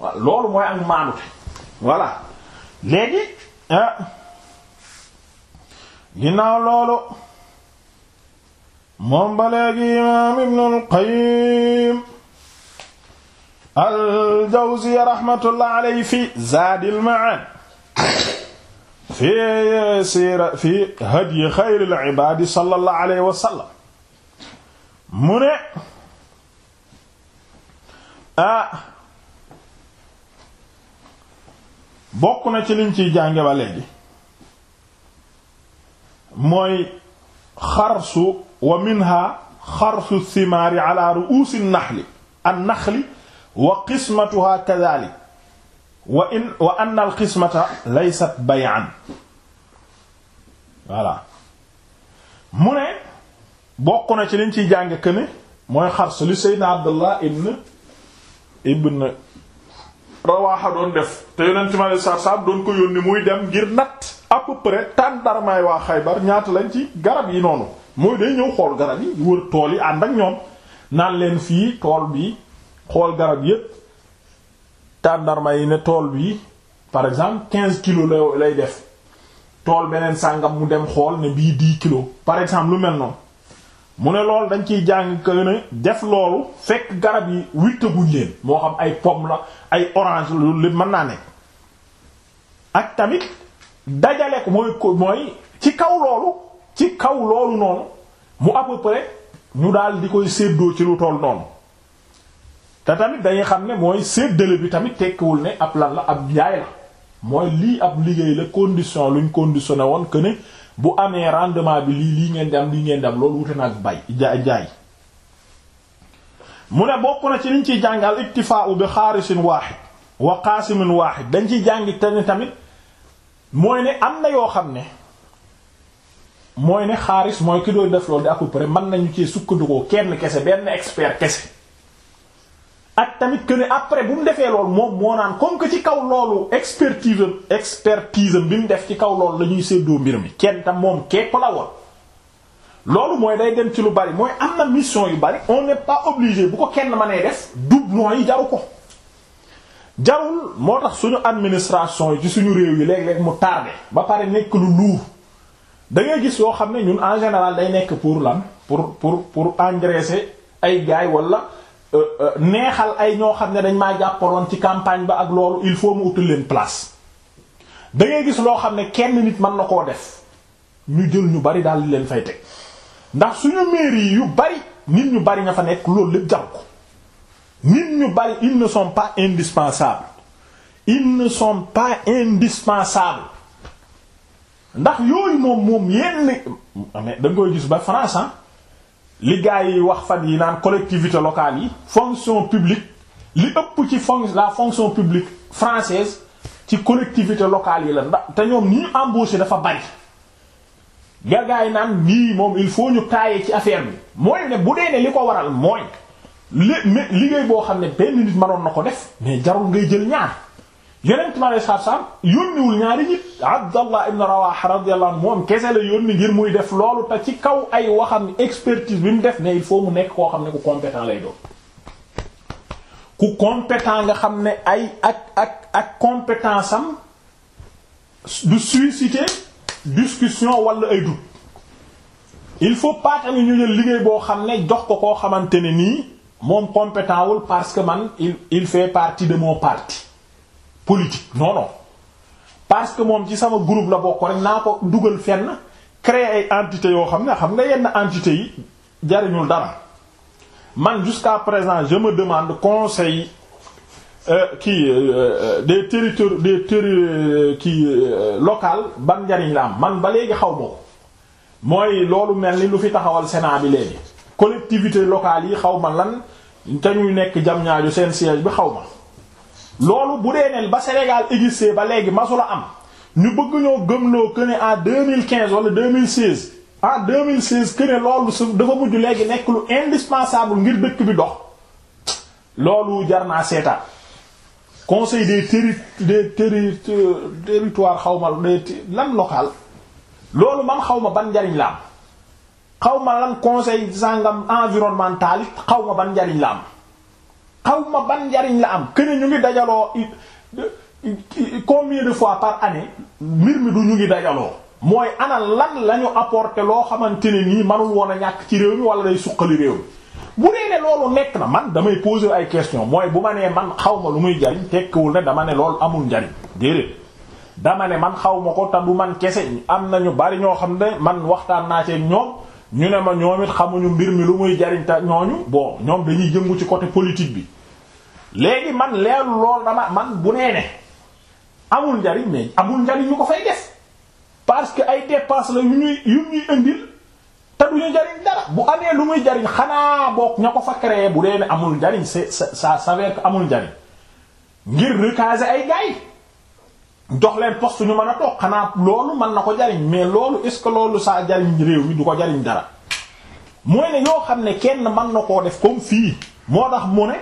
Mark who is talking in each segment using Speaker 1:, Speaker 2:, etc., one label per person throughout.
Speaker 1: waaw loolu mooy ak maanute voilà léegi ah ginnaaw loolu moom ba léegi imaam Ibn al-Qayyim al-Jawziyya rahmatullah alayhi fi Zaadil Ma'aad fi siira fi hadyi xayril ibaad sallallahu alayhi wa sallam mu ne ah bokk na ci liñ ci jànge ba léegi mooy xarsu wa minha xarsu simaari ala ru'uusi naxli annaxli wa qismatuha kadalik wa in wa anna al qismata laysat bay'an voilà mu ne bokk na ci liñ ciy jànge que mooy xars li Seydina Abdullah ibn ibn rawaaxa doon def te yonent ma lay saab doon ko yónni muy dem ngir natt à peu près tàndarmaay waa Xaybar ñaata lañ ci garab yi noonu mooy day ñëw xool garab yi wër tool yi ànd ak ñoom naan leen fii tool bi xool garab yépp tàndarma yi ne tool bi par exemple quinze kilos lay def tool beneen sàngam mu dem xool ne bii dix kilo par exemple lu mel noonu mu ne loolu dañ ciy jàng que ne def loolu fekk garab yi wittaguñ leen moo xam ay pomme la ay orange lu lépp mën naa ne ak tamit dajale ko mooy mooy ci kaw loolu ci kaw loolu noonu mu à peu ñu daal di koy séddoo ci lu toll noonu te tamit dañuy xam ne mooy séddale bi tamit tekkiwul ne ab lan la ab jaay la mooy lii ab liggéey la condition luñ conditionné woon que bu amee rendement bi lii lii ngeen di am lii ngeen di am loolu wute nag bay jaay mu ne bokk na ci liñ ciy jàng al iktifaa'u bi xaarisin waaxid wa qaasimin waaxid dañ ci jàngi te tamit mooy ne am na yoo xam ne mooy ne xaaris mooy ki doon def loolu di à peu près mën nañu cee sukkandikoo kenn kese benn expert kese ak tamit que ne après bu mu defee lool moom moo naan comme que ci kaw loolu expertise expertise bi mu def ci kaw loolu la ñuy séddoo mbir mi kenn tam moom kepp la woon loolu mooy day dem ci lu bari mooy am na mission yu bari on n'est pas obligé bu ko kenn mënee def dub yi jaru ko jarul moo tax suñu administration yi ci suñu réew yi léeg-léeg mu tardé ba pare nekk lu luur da ngay gis yoo xam ne ñun en général day nekk pour lan pour pour pour engraisser ay gaay wala Euh, euh, neexal ay ñoo xam ne dañ maa jàppaloon ci campagne ba ak loolu il faut ut utal leen place da gis loo xam ne kenn nit man na koo def ñu jël ñu bari daal di leen fay teg ndax suñu mairie yu bari nit ñu bari nga fa nekk loolu lépp jaru ko nit ñu bari ils ne sont pas indispensables ils ne sont pas indispensables ndax yooyu moom moom yenn da nga koy gis ba France ah li gars yi wax fan yi naan collectivité locale yi fonction publique li ëpp ci fon la fonction publique francaise ci collectivité locale yi la ndax te ñoom ni ñu dafa bari gars yi naan nii moom il faut ñu taaye ci affaire bi mooy ne bu dee ne li ko waral mooy li liggéey boo xam ne benn nit mënoon na ko def mais jarul ngay jël ñaan yonent mi alayhi salaatu salaam yónniwul ñaari nit Abdallah ibn Rawaha radiyallahu anhu moom kese la yónni ngir muy def loolu te ci kaw ay waxam expertise bi mu def ne il faut mu nekk koo xam ne ku compétent lay doon ku compétent nga xam ne ay ak ak ak compétence am du susciter discussion wala ay doute il faut pas tamit ñu jël liggéey boo xam ne jox ko koo xamante ne nii moom compétent wul parce que man il il fait partie de mon parti politique non parce que moom ci sama groupe la bokk rek naa ko dugal fenn créer ay entité yoo xam ne xam nga yenn entité yi jariñul dara man jusqu'à présent je me demande conseil euh, kii euh, euh, des territoires des terri kii local ban njariñ la am man ba léegi xaw ma ko mooy loolu mel ni lu fi taxawal Sénat bi léegi collectivité locale yi xaw ma lan te ñuy nekk jam ñaaju seen siège bi xaw ma loolu bu dee ne ba Sénégal existé ba léegi masula am ñu bëgg ñoo gëmloo que ne en deux mille quinze wala deux mille seize en deux mille seize que ne loolu su dafa mujj léegi nekk lu indispensable ngir dëkk bi dox loolu jar naa seetaan conseil des terri des terri territoire xaw ma lan local loolu man xaw ma ban njariñ la am xaw ma lan conseil sangam environnemental xaw ma ban njariñ la am. xaw ma ban njariñ la am këne ñu ngi dajaloo combien de fois par année mbir mi du ñu ngi dajaloo mooy ana lan la ñu apporter loo xamante ne nii manul woon a ñàkk ci réew mi wala day suqali réew mi bu dee ne loolu nekk na man damay poser ay question mooy bu ma nee man xaw ma lu muy jariñ tekkiwul ne dama ne loolu amul njariñ déedéet dama ne man xaw ko te du man kese am na ñu bari ñoo xam ne man waxtaan naa ci ñoom ñu ne ma ñoom it xamuñu mbir mi lu muy jariñ ñooñu bon ñoom dañuy jëngu ci côté politique bi léegi man leeru lool dama man bu nee amul njariñ mais amul njariñ ñu ko fay def parce que ay dépenses la yu ñuy yu ñuy indil te du ñu jariñ dara bu amee lu muy jariñ xanaa boog ña ko fa créé bu dee amul njariñ c'est ça sa que amul njariñ ngir recaser ay gaay jox leen poste ñu mën a toog xanaa loolu mën na ko jariñ mais loolu est-ce que loolu saa jariñ réew mi du ko jariñ dara mooy ne yoo xam ne kenn mën na koo def comme fii moo tax mu ne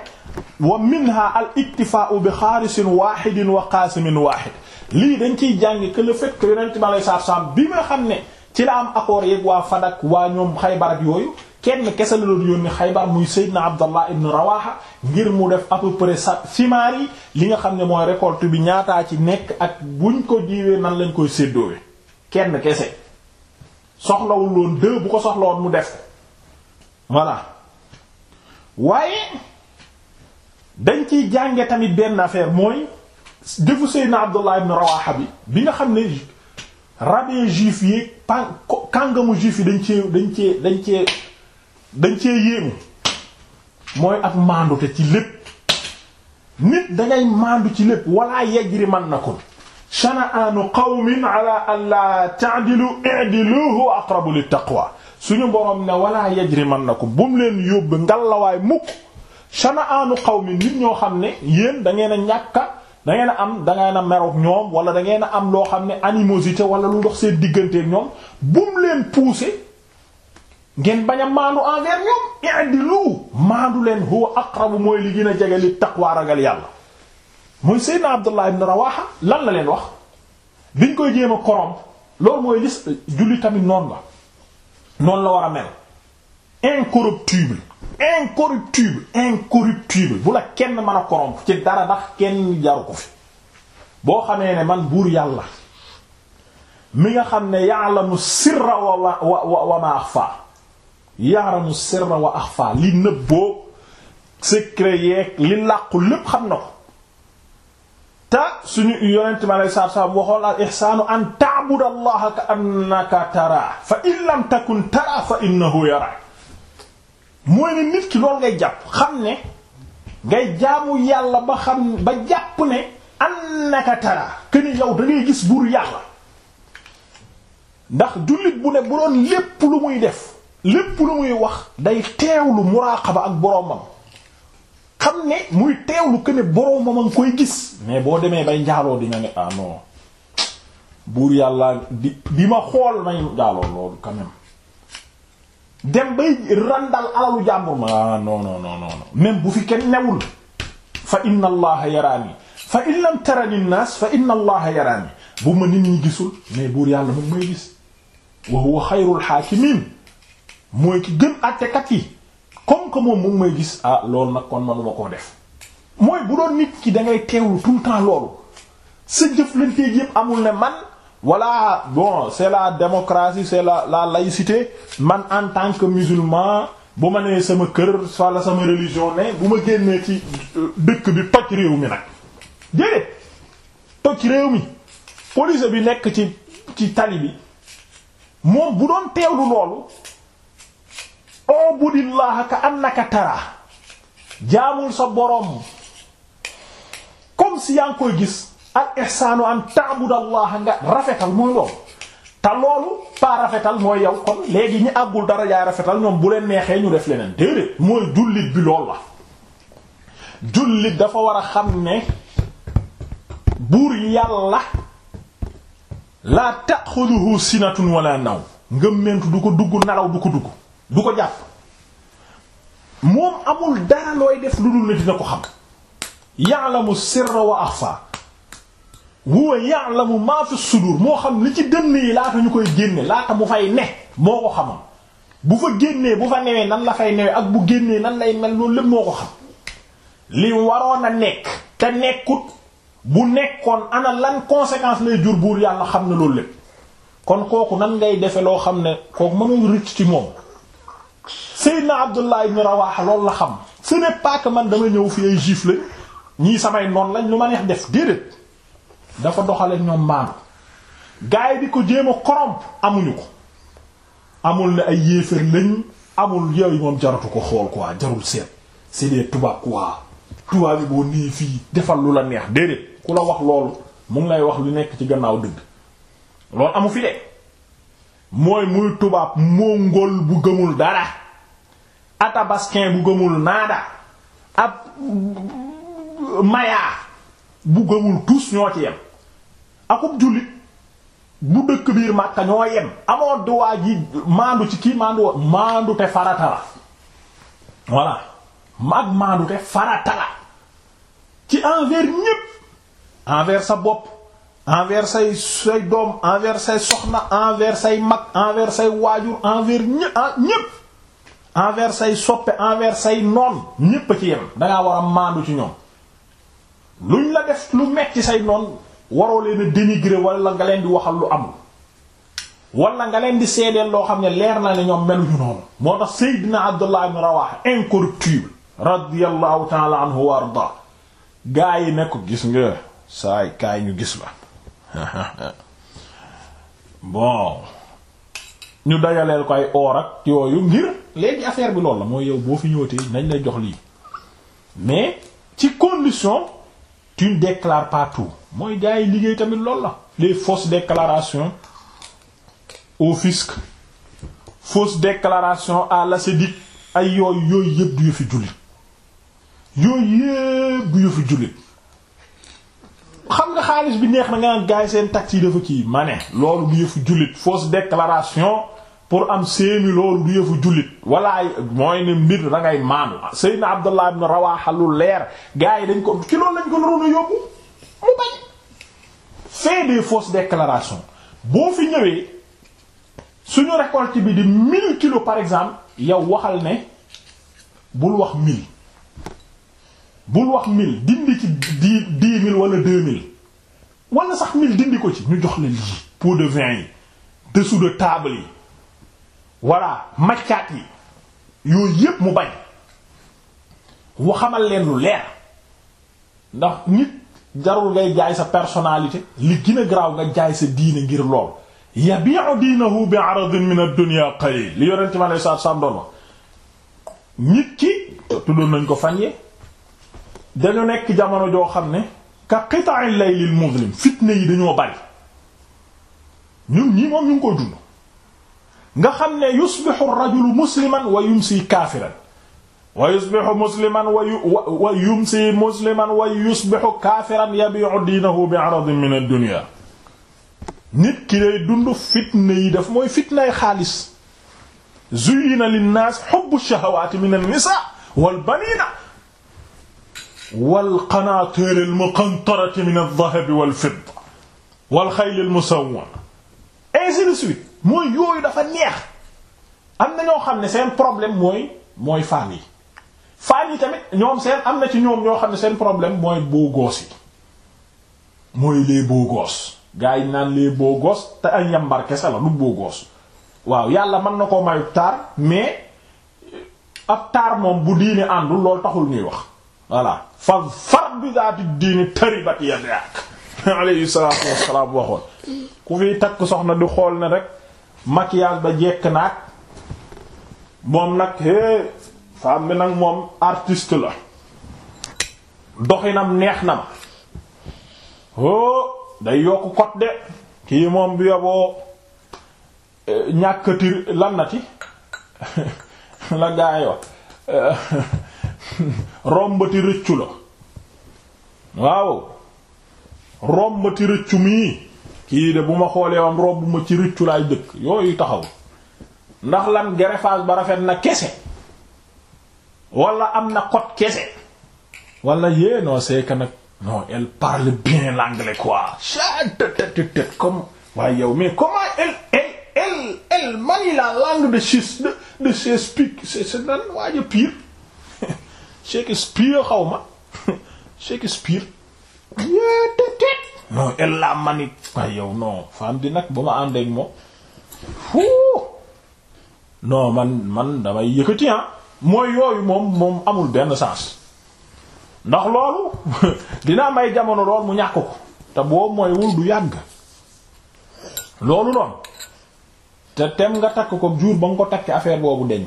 Speaker 1: wa minha al iktifaa'u bi xaarisin waahidin wa qaasimin waahid lii dañ ciy jàng que le fait bi alayhi xam ne ci am accord yeeg waa yooyu kenn kese la doon yónni Xaybar muy Seydina Abdallah ibn Rawaha ngir mu def à peu sa simaar li nga xam ne mooy récolte bi ñaata ci nekk ak buñ ko jiwee nan lañ koy séddoowe kenn kese soxlawul woon deux bu ko soxlawoon mu def ko voilà waaye. dañ ciy jànge tamit benn affaire mooy jëfu Seydina Abdullah ibn bi nga xam ne rabbin juif yi pan kàngamu juif yi dañ cee dañ cee dañ cee dañ cee yéemu mooy ak maandute ci lépp nit dangay maandu ci lépp wala yajrimannakum shana'anu qawmin ala an la ta'dilu i'dilu huwa aqrabu lit taqwa suñu borom ne wala yajrimannakum bu mu leen yóbbu ngalawaay mukk xaw mi nit ñoo xam ne yéen da ngeen a ñàkka da am da ngeen ñoom wala da ngeen am loo xam ne animosité wala lu ndox seen digganteeg ñoom bum leen pousser ngeen bañ a maandu envers ñoom i'dilu maandu leen huwa aqrabu mooy li gën a jege li waa ragal yàlla mooy Seydina Abdullah ibn Rawaha lan la leen wax biñ koy jéem a korom loolu mooy lis julli tamit noonu la noonu la war a mel incorruptible incorruptible bu la kenn mën a corrompre ci dara ndax kenn jaru ko fi boo xamee ne man buur yàlla mi nga xam ne ya'lamu sirra wa wa wa ma axfa ya'lamu sirra wa axfa li nëbboo secret yeeg li làqu lépp xam na ko te suñu yonent mi alei satu salaam waxoon al ihsaanu an ta'budallaha ka annaka tara fa in lam takun tara fa innahu yarak mooy ne nit ki loolu ngay jàpp xam ne ngay jaamu yàlla ba xam ba jàpp ne annaka tara këni yow da gis buur yàlla ndax jullit bu ne bu doon lépp lu muy def lépp lu muy wax day teewlu muraqaba ak boromam xam ne muy teewlu këne boromam a ngi koy gis mais boo demee bay njaaloo di nga ne ah non buur yàlla di di ma xool may njaaloo loolu quand dem bay randal alalu jàmbur ma ah non non non non bu fi kenn newul fa inna allaha yaraani fa in lam tarani nnaas fa inna allaha yaraani bu ma nit ñi gisul mais buur yàlla mu may gis wa huwa xayrul xaakimiin mooy ki gën àttekat yi comme que moom may gis ah loolu nag kon manuma ko def mooy bu doon nit ki da ngay teewlu tout le temps loolu sa jëflanteeg yépp amul ne man voilà bon c'est la démocratie c'est la la laïcité man en tant que musulman bu ma nee sama kër wala sama religion ne bu ma génnee ci euh, dëkk bi toj réew mi nag déedéet toj réew mi police bi nekk ci ci tali bi moom bu doon teewlu loolu obudillaha am annaka tara jaamul sa boroom comme si yaa ngi koy gis al ihsaanu an ta'budallaha nga rafetal mooy loolu te loolu pas rafetal mooy yow kon léegi ñi àggul dara yaay rafetal ñoom bu leen neexee ñu def leneen déedéet mooy jullit bi lool la jullit dafa war a xam ne buur yàlla laa ta'xuduhu sinatun wala naw nga ngëmmentu du ko dugg nelaw du ko dugg du ko jàpp moom amul dara looy def lu dul ne dina ko xam ya'lamu sirra wa axfa huwa ya'lamu ma fi sudur moo xam li ci dënn yi laata ñu koy génne laata mu fay ne moo ko xamal bu fa génnee bu fa newee nan la fay newee ak bu génnee nan lay mel loolu lépp moo ko xam li waroon a nekk te nekkut bu nekkoon ana lan conséquence lay jur buur yàlla xam ne loolu lépp kon kooku nan ngay defe loo xam ne kooku mënul ricc ci moom na Seydina Abdullah ibn Rawaha loolu la xam ce n'est pas man dama ñëw fi ay juif la ñii samay noon lañ ñu ma def déedéet dafa doxale ñoom maanu gaay di ko jéem a corrompre amuñu ko amul ne ay yéefar lañ amul yooyu moom jaratu ko xool waa jarul seet c'est des tubaab quoi tubaab yi boo nii fii defal lu la neex déedéet ku la wax loolu mu ngi lay wax lu nekk ci gannaaw dëgg loolu amu fi de mooy muy tubaab mongol bu gëmul dara atabaskin bu gëmul naada ab mm, mm, mm, maya bu gëmul tous ñoo ci yem akub jullit bu dëkk biir Makka ñoo yem amoo duwaa ji maandu ci kii maandu woon maandu te farata la voilà mag maandu te farata la ci envers ñépp envers sa bopp envers say doom envers say soxna envers say mag envers say waajur envers ah, ñépp envers say soppe envers say noon ñépp a ci yem dangaa war a maandu ci ñoom luñ la def lu metti say noon waroo leen a dénigrer wala nga leen di waxal lu amul wala nga leen di seedeel loo xam ne leer na ne ñoom meluñu noonu moo tax Seydina Abdullah ibn Rawaha incorruptible radiyallahu ta'ala anhu wa arda gaa yi ne ko gis nga saay kaay ñu gis la bon ñu dajaleel ko ay or ak yooyu ngir léegi affaire bi loolu la mooy yow boo fi ñëwatee nañ lay jox lii mais ci condition tu ne déclares mooy gars yi liggéey tamit loolu la les fausses déclarations au fisc fausses déclarations à l'ACDIC e ay yooyu yooyu yëpp du yëfi jullit yooyu yëpp du yëfi jullit xam nga xaalis bi neex na nga naan gars yi seen tax yi dafa kii ma ne loolu du yëfi jullit fausse déclaration pour am seeni loolu du yëfu jullit walla mooy ne mbir da ngay maanu Seydina Abdullah ibn Rawaha lu leer gars yi dañ ko ci lañ ko naroon a yóbbu mu bañ fait des fausses déclarations boo fi ñëwee suñu récolte bi di 1000 kilos par exemple yow waxal ne bul wax 1000 bul wax 1000 dindi ci 10 10 000 wala 2000 wala sax 1000 dindi ko ci ñu jox la lii pot de vin yi dessous de table yi voilà maccaat yi yooyu yépp mu bañ waxamal leen lu leer ndax nit jarul ngay jaay sa personnalité li gën a nga jaay sa diine ngir lool yabi'u diinahu bi 'aradin min ad-dunya qalil li yonente mi alei satu salaam doon wax nit ki tuddoon nañ ko fan ye dañu nekk jamono joo xam ne ka qita'il laylil muzlim fitne yi dañoo bari ñun ñii moom ñu ngi dund nga xam ne yusbixu rajulu musliman wa yumsi kaafiran wa yusbixu musliman wa yumsi musliman wa yusbixu kaafiran yabi'u diinahu bi aradin min ad-dunya nit ki day dund fitna yi daf mooy fitnaay xaalis zuyina linnaas xubbu shahawaati min an-nisaa wal baniina wal qanaatiiri al-muqantarati min ad-dahabi wal fidda wal xayli al-musawwama ainsi de suite mooy yooyu dafa neex am na ñoo xam ne seen problème mooy mooy femme yi femme yi tamit ñoom seen am na ci ñoom ñoo xam ne seen problème mooy beaux gosses yi mooy les beaux gosses yi naan les beaux gosses te ay yambar kese la du bu gosses waaw yàlla mën na ko mayu taar mais euh, ab taar moom bu diine àndul loolu taxul ñuy wax voilà fa far bi zaati diini taribat yadak alayhi salaatu wassalaam waxoon ku fiy takk soxna di xool ne rek maquillage ba jekk naag moom nag é femme bi nag moom artiste la doxinam neex na ma oh day yokk kot de kii moom bi yoboo eh, ñàkkatir lan la gaay wax eh, rombati rëccu la waaw rombati rëccu mii kii de bu ma xoolee wam robb ma ci rëccu laay dëkk yooyu taxaw ndax lan greffage ba rafet na kese wala am na code kese wala yée non c'est que nag non elle parle bien l'anglais quoi chatt comme waaye yow mais comment elle elle elle elle manie langue de chis de de Shakespeare c'est nan waaja pire Shakespeare xaw ma Shakespeare non ella manit waaye ah, yow non femme bi nag ba ma ànd ak moom fu non man man damay yëkkati ah. mooy yooyu moom moom amul benn sens ndax loolu dina may jamono lool mu ñàkk ko te boo mooy du yàgg loolu noonu te tem nga takk ko jur ba nga ko takki affaire boobu deñ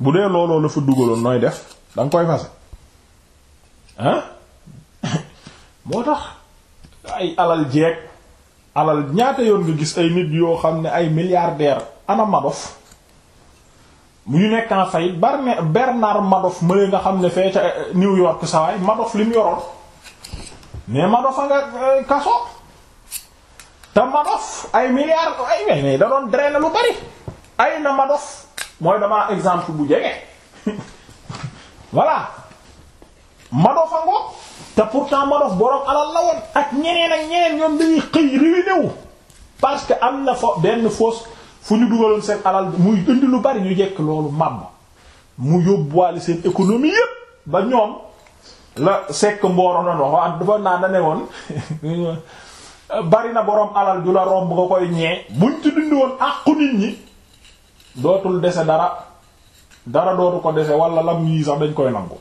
Speaker 1: bu dee looloo la fa dugaloon nooy def danga koy fase ah moo tax ay alal jeeg alal ñaata yoon nga gis ay nit yoo xam ne ay milliardaire ana Madoff mu ñu nekk en Bernard Madoff mënee nga xam ne fee ca eh, New York sawaay Madoff li yoroon mais Madoff a nga eh, kaso te Madoff ay milliards ay mais mais da doon drainer lu bari ay na Madoff mooy damaa exemple bu jege voilà Madoff a ngoog te pourtant Madoff borom alal la woon ak ñeneen ak ñeneen ñoom dañuy xëy réunion wu parce que am na fa benn foos fu ñu dugaloon seen alal muy indi lu bari ñu jekk loolu màmm mu yóbbuwaale seen économie yépp ba ñoom la sekk mbooro doon wax ak dafa naa dane woon bari na boroom alal ju la romb nga koy ñee buñ ci dindi woon àqu nit ñi dootul dese dara dara dootu ko dese wala lam ñii sax dañ koy nangu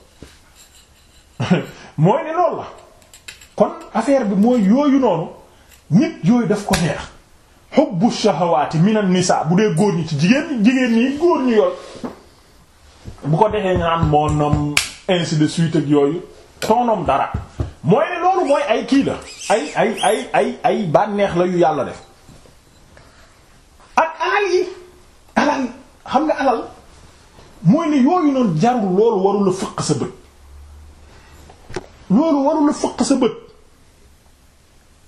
Speaker 1: mooy ne loolu la kon affaire bi mooy yooyu noonu nit yooyu daf ko neex hubbu shahawaati minan nisaa bu dee góor ñi ci jigéen jigéen ñi góor ñu yor bu ko defee ñu naan mon homme ainsi de suite ak yooyu toonom dara mooy ne loolu mooy ay kii la ay ay ay ay ay bànneex la yu yàlla def ak alal yi alal xam nga alal mooy ne yooyu noonu jarul loolu warul fëq sa bët loolu warul a fëq sa bët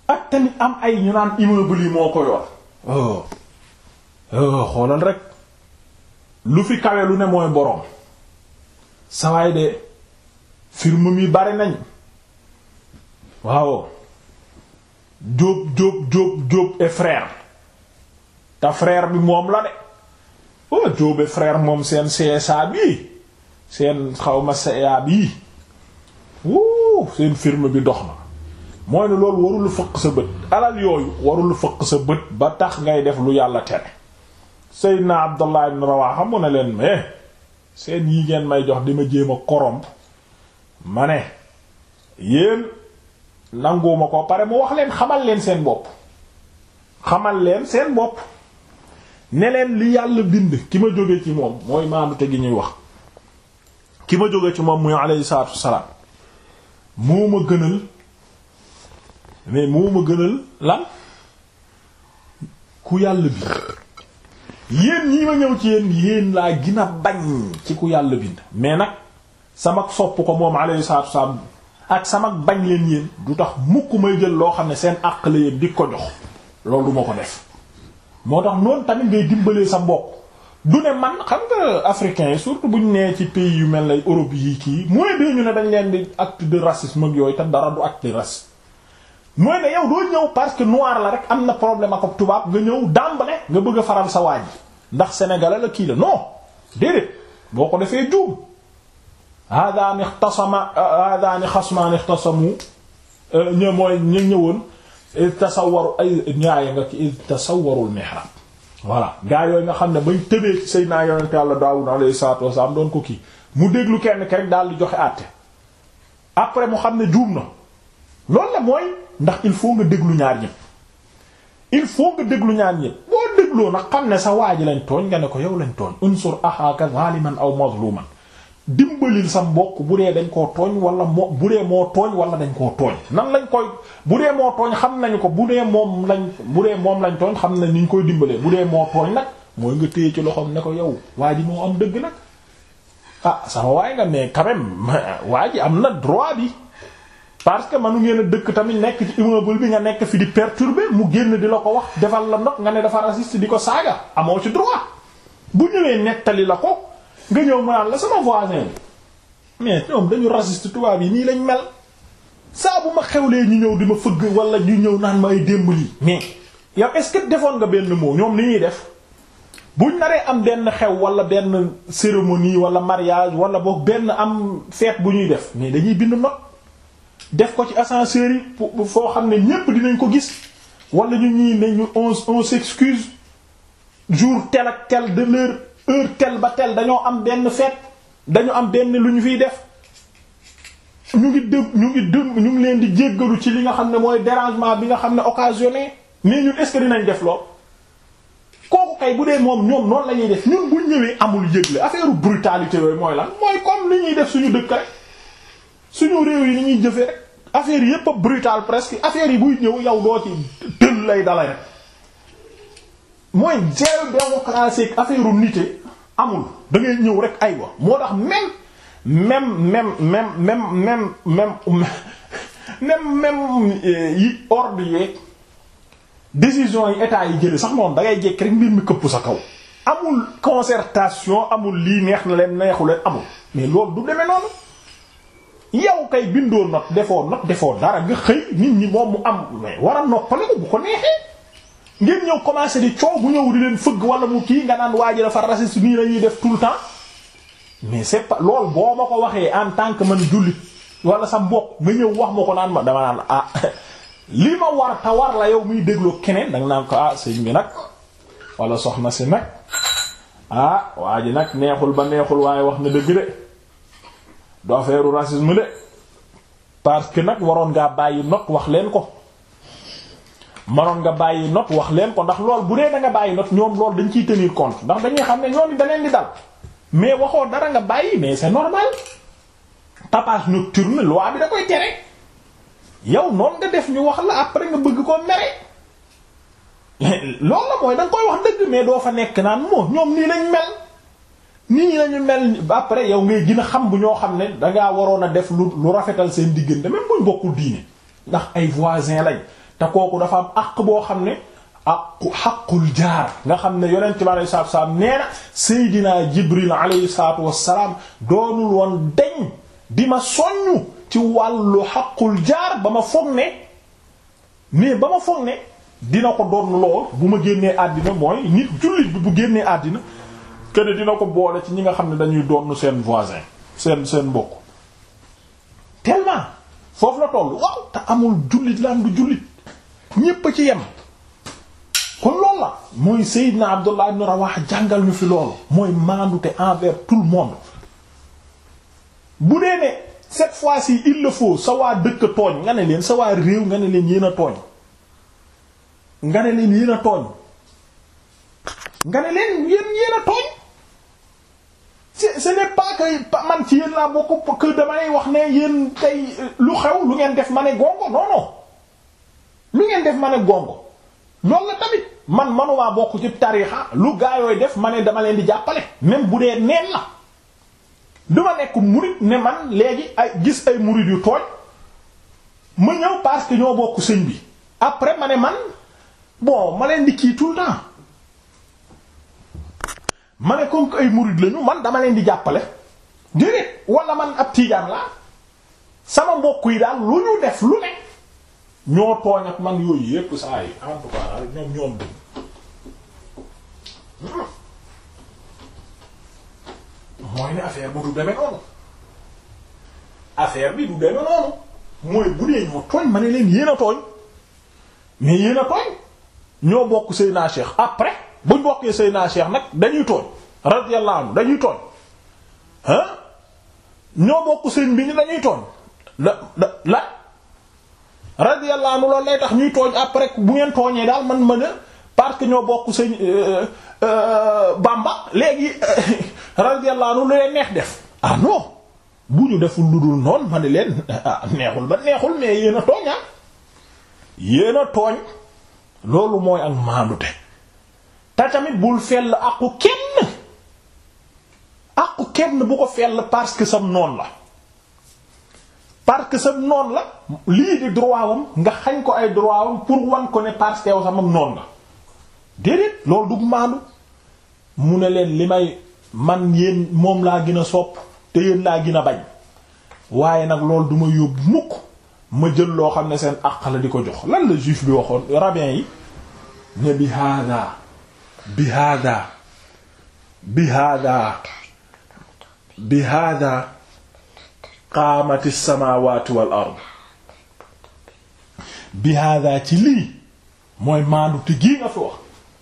Speaker 1: ak tamit am ay ñu naan immeuble yi moo ko yor oh. Oh, xoolal rek lu fi kawe lu ne mooy boroom sawaay de firme mi bari nañ waaw Diop Diop Diop Diop et te frère bi moom la de oh Diop moom seen CSA bi seen xawma CA bi wuu waaw seen firme bi dox na mooy ne loolu warul fëq sa bët alal yooyu warul fëq sa bët ba tax ngay def lu yàlla tere Seydina Abdallah ibn Rawaha mu ne leen mais eh, seen yi ngeen may jox di ma jéem a corrompre ma ne yéen nanguwuma ko pare mu wax leen xamal leen seen bopp xamal leen seen bopp ne leen li yàlla bind ki ma jóge ci moom mooy maandu te ñuy wax ki ma jóge ci moom muy alayhi salaatu wassalaam moo ma gënal mais moo ma gënal lan ku yàlla bind yéen ñii ma ñëw ci yéen yéen laa gën a bañ ci ku yàlla bind mais nag sama sopp ko moom alayhi salaatu wasallam ak sama bañ leen yéen du tax mukk may jël loo xam ne seen àq la yéen di ko jox loolu du ko def moo tax noonu tamit ngay dimbalee sa mbokk du ne man xam nga africain yi surtout bu ñu nee ci pays yu mel na Europe yi kii mooy bee ñu ne dañ leen di acte de racisme ak yooyu te dara du acte de racisme mooy ne yow doo ñëw parce que noir la rek am na problème ak tubaab nga ñëw dàmbale nga bëgg a faral sa waaj ndax sénégalais la kii la non déedéet boo ko defee juum haadaani xtasama haadaani xasmaani xtasamu euh, ño mooy ñu ñëwoon tasawaru ay ñaaya nga ci tasawarul mihrab voilà gaa yooyu nga xam ne bañ tëbee ci say naa yonent yàlla Daawuud alayhi salaatu wasalaam doon ko kii mu déglu kenn kenn daal di joxe àtte après mu xam ne juum na lool la mooy ndax il faut nga déglu ñaar ñëpp il faut nga déglu ñaar ñëpp boo dégloo nag xam ne sa waa ji lañ tooñ nga ne ko yow lañ tooñ unsur axaaka zaaliman aw mazluman dimbalil sa mbokk bu dee dañ koo tooñ wala moo bu dee moo tooñ wala dañ koo tooñ nan lañ koy bu dee moo tooñ xam nañu ko bu dee moom lañ bu dee moom lañ tooñ xam nañ ni koy dimbalee bu dee moo tooñ nag mooy nga téye ci loxoom ne ko yow waa ji moo am dëgg nag ah sama waay nga mais quand même waa ji am na droit bi parce que manu ngeen a dëkk tamit nekk ci immeuble bi nga nekk fi di perturber mu génn di la ko wax defal la ndox nga ne dafa raciste di ko saaga amoo ci droit bu ñëwee nettali la ko. nga ñëw mu naan la sama voisin mais ñoom dañu raciste tubaab yi nii lañ mel saa bu xew xewlee ñu ñëw di ma fëgg wala ñu ñëw naan ma ay démb lii mais yow est-ce que defoon nga benn mot ñoom ni ñuy def buñ naree am benn xew wala benn cérémonie wala mariage wala boog benn am feet bu ñuy def mais dañuy bind ma def ko ci ascenseur yi foo xam ne ñépp dinañ ko gis wala ñu ñii ne ñu on on s'excuse jour tel ak tel de l'heure heure tel ba tel dañoo am benn fête dañu am benn lu ñu fiy def ñu ngi dë ñu ngi dë ñu ngi leen di jéggalu ci li nga xam ne mooy derangement bi nga xam ne occasionné mais ñun est-ce def lool kooku kay bu dee moom ñoom noonu la ñuy def ñun bu ñëwee amul yëgle affaire brutalité yooyu mooy lan mooy comme li ñuy def suñu dëkk rek suñu réew yi ni ñuy jëfee rek affaire yépp a brutal presque affaire yi buy ñëw yow doo ci tël lay dalay rek. mooy jeel démocratie ak affaire nit amul dangay ngay ñëw rek aywa moo tax même même même même même même même même même euh, yi ordre yeeg décision yi état yi jële sax moom dangay ngay jekk rek mbir mi këpp sa kaw amul concertation amul lii neex na leen neexu leen amul mais loolu du demee noonu yow kay bindoo not defoo not defoo dara nga xëy nit ñi moom mu am mais war a noppale ko bu ko neexee ngeen ñëw commencé di coow bu ñëw di leen fëgg wala mu kii nga naan waa ji dafa raciste nii lañuy def tout le temps mais c'est lool boo ma ko waxee en tant que man jullit wala sa mbokk nga ñëw wax ma ko naan ma dama naan ah li ma war ta war la yow muy dégloo keneen danga naan ko ah sëñ bi nag walla soxna si nag ah waa ji nag neexul ba neexul waaye wax na dëgg de do affaire racisme de parce que nag waroon ngaa bàyyi nokk wax leen ko manoon nga bàyyi note wax leen ko ndax lool bu dee da nga bàyyi note ñoom lool dañ ciy tenir compte ndax dañuy xam ne ñoom da leen di dal mais waxoo dara nga bàyyi mais c'est normal tapage nocturne loi bi da koy tere yow noonu nga def ñu wax la après nga bëgg koo mere loolu la mooy da koy wax dëgg mais doo fa nekk naan moo ñoom nii lañ mel nii lañu mel après yow ngay gina xam bu ñoo xam ne dangaa waroon a def lu lu rafetal seen diggante même buñ bokkul ndax ay voisins lañ te kooku dafa am àq boo xam ne aqu xaqul jaar nga xam ne yonent bi alayhi salaatu wasalaam nee na Seydina Jibril alayhi salaatu doonul woon deñ di ma soññ ci wàllu xaqul jaar ba ma foog ne mais ba ma foog ne dina ko doon lool bu ma génnee àddina mooy nit jullit bi bu génnee àddina kenn dina ko boole ci ñi nga xam ne dañuy doon seen voisin seen seen mbokk tellement foofu la tollu waaw te amul jullit la am jullit ñépp ci yem kon loolu la mooy Seydina Abdullah ibn Rawaha jàngal ñu fi lool mooy maandute envers tout le monde bu dee ne cette fois-ci il le faut sa waa dëkk tooñ nga ne leen sa waa réew nga ne leen yéen a tooñ nga ne leen nga ne leen yéen yéen a tooñ ce que man ci yéen laa bokk que damay wax ne yéen tey lu xew lu ngeen def ma ne gongo non lu ngeen def ma ne gongo loolu la tamit man manumaa bokk ci tariixa lu gaayooy def ma ne dama leen di jàppale même bu dee neen la duma nekk murid ne man léegi ay gis ay murid yu tooñ ma ñëw parce ñoo bokk sëñ bi après ma ne man bon ma leen di kii tout le temps ma ne comme que ay murid lañu man dama leen di jàppale déedéet walla man ab tiijaan laa sama mbokk yi daal lu ñu def lu ne ñoo tooñ ak man yooyu yépp saa yi en tout cas daal ñoom ñoom duñ mooy ne affaire bu du deme noonu affaire bi du deme noonu mooy bu dee ñoo tooñ ma ne leen yéen a tooñ mais yéen a tooñ ñoo bokk Seydina Cheikh après buñ bokkee Seydina Cheikh nag dañuy tooñ radiyallahu anhu dañuy tooñ ah ñoo bokk seen bi dañuy tooñ la la la radiyallahu anhu loolu lay tax ñuy tooñ après bu ngeen tooñee daal man mën a parce que ñoo bokk sëñ euh, euh, Bamba léegi euh, radiyallahu lu leen neex def ah non bu ñu deful lu dul noonu ma ne leen ah, neexul ba neexul mais yéen a tooñ ah. yéen a tooñ loolu mooy ak maandute te tamit bul fell àqu kenn àqu kenn bu ko fell parce que sam noon la parce que sa noon la lii di droit wam nga xañ ko ay droit wam pour wan ko ne parce que sama noon la déedéet loolu dug maandu mu ne leen li may man yéen moom laa gin a sopp te yéen laa gin a bañ waaye nag loolu duma ma yóbbu mukk ma jël loo xam ne seen àq la di ko jox lan la juif bi waxoon rabbin yi ne bi hada bi hada qaamati samaawaati wal ard bi hada ci lii mooy maandu te gii nga fi wax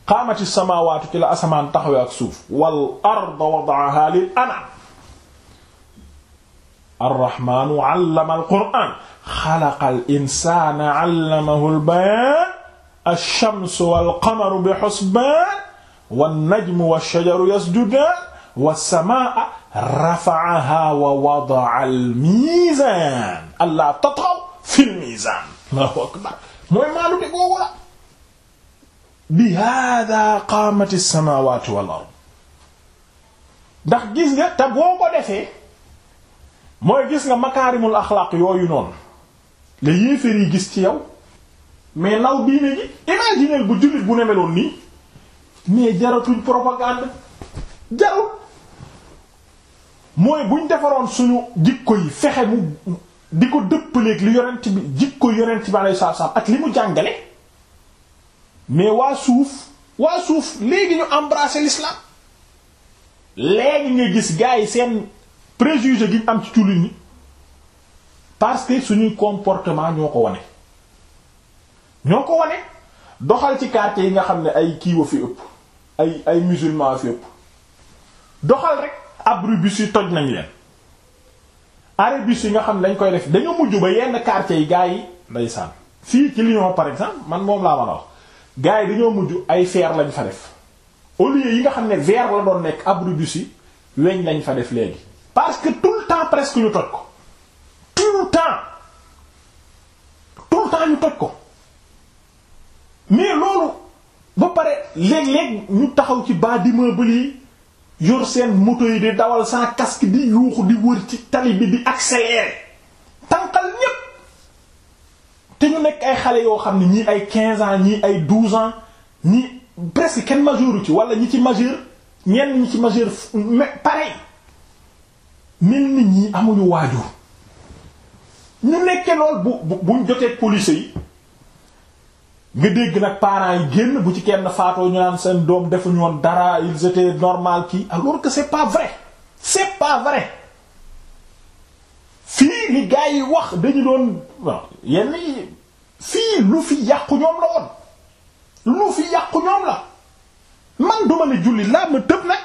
Speaker 1: qaamati samaawaatu ci la asamaan taxawee ak suuf wal ard wada'aha lil anam arrahmaanu allama alqur'aan xalaqal insaana allamahul bayaan ash-shamsu wal qamaru bi husbaan wan najmu wash-shajaru yasjudaan was-samaa'a rafa'aha wa wada'a al-mizan alla tatghaw fil mizan Allahu akbar mooy maalu de googu la bi hada qaamati as-samawati wal ard ndax gis nga te boo defee mooy gis nga makaarimul axlaaq yooyu noonu la yéeféer yi gis ci yow mais naw diine ji imaginer bu jullit bu nemeloon nii mais jaratuñ propagande jarul mooy buñ defaroon suñu jikko yi fexe mu di ko dëppaleeg li yonent bi jikko yonent bi alayhi salaam ak li mu jàngale mais waa suuf waa suuf léegi ñu embrasser l'islam léegi nga gis gars yi seen préjugé gi am ci tulli ni parce que suñuy comportement ñoo ko wane ñoo ko wane doxal ci quartier yi nga xam ne ay kiiwa fi ëpp ay ay musulman fi ëpp doxal rek abribus yi toj nañ leen arébus yi nga xam dañ koy def dañu mujj ba yenn quartier yi gars yi ndeysaan fii ci Lyon par exemple man moom laa mën a wax gars yi dañoo mujj ay fer lañ fa def au yi nga xam ne verre la doon nekk abribus yi weñ lañ fa def léegi parce que tout le temps presque ñu toj ko tout le temps tout le temps ñu toj ko mais loolu ba pare léeg-léeg ñu taxaw ci bas d'immeuble yi yor seen moto yi di dawal sans casque di yuuxu di wër ci tali bi di accélérer tànqal ñépp te ñu nekk ay xale yoo xam ne ñii ay 15 ans ñii ay 12 ans ñii presque kenn majeuru ci wala ñi ci majeur ñenn ñi ci majeur pareil mel nit ñi amuñu waajur ñu nekkee lool bu buñ jotee police yi nga dégg nag parents yi génn bu ci kenn faatoo ñu naan seen doom defu woon dara ils étaient normal kii alors que c'est pas vrai c'est pas vrai fii li yi wax dañu doon yenn fii lu fi yàqu ñoom la woon lu fi yàqu ñoom la man duma ne julli laa ma tëb nag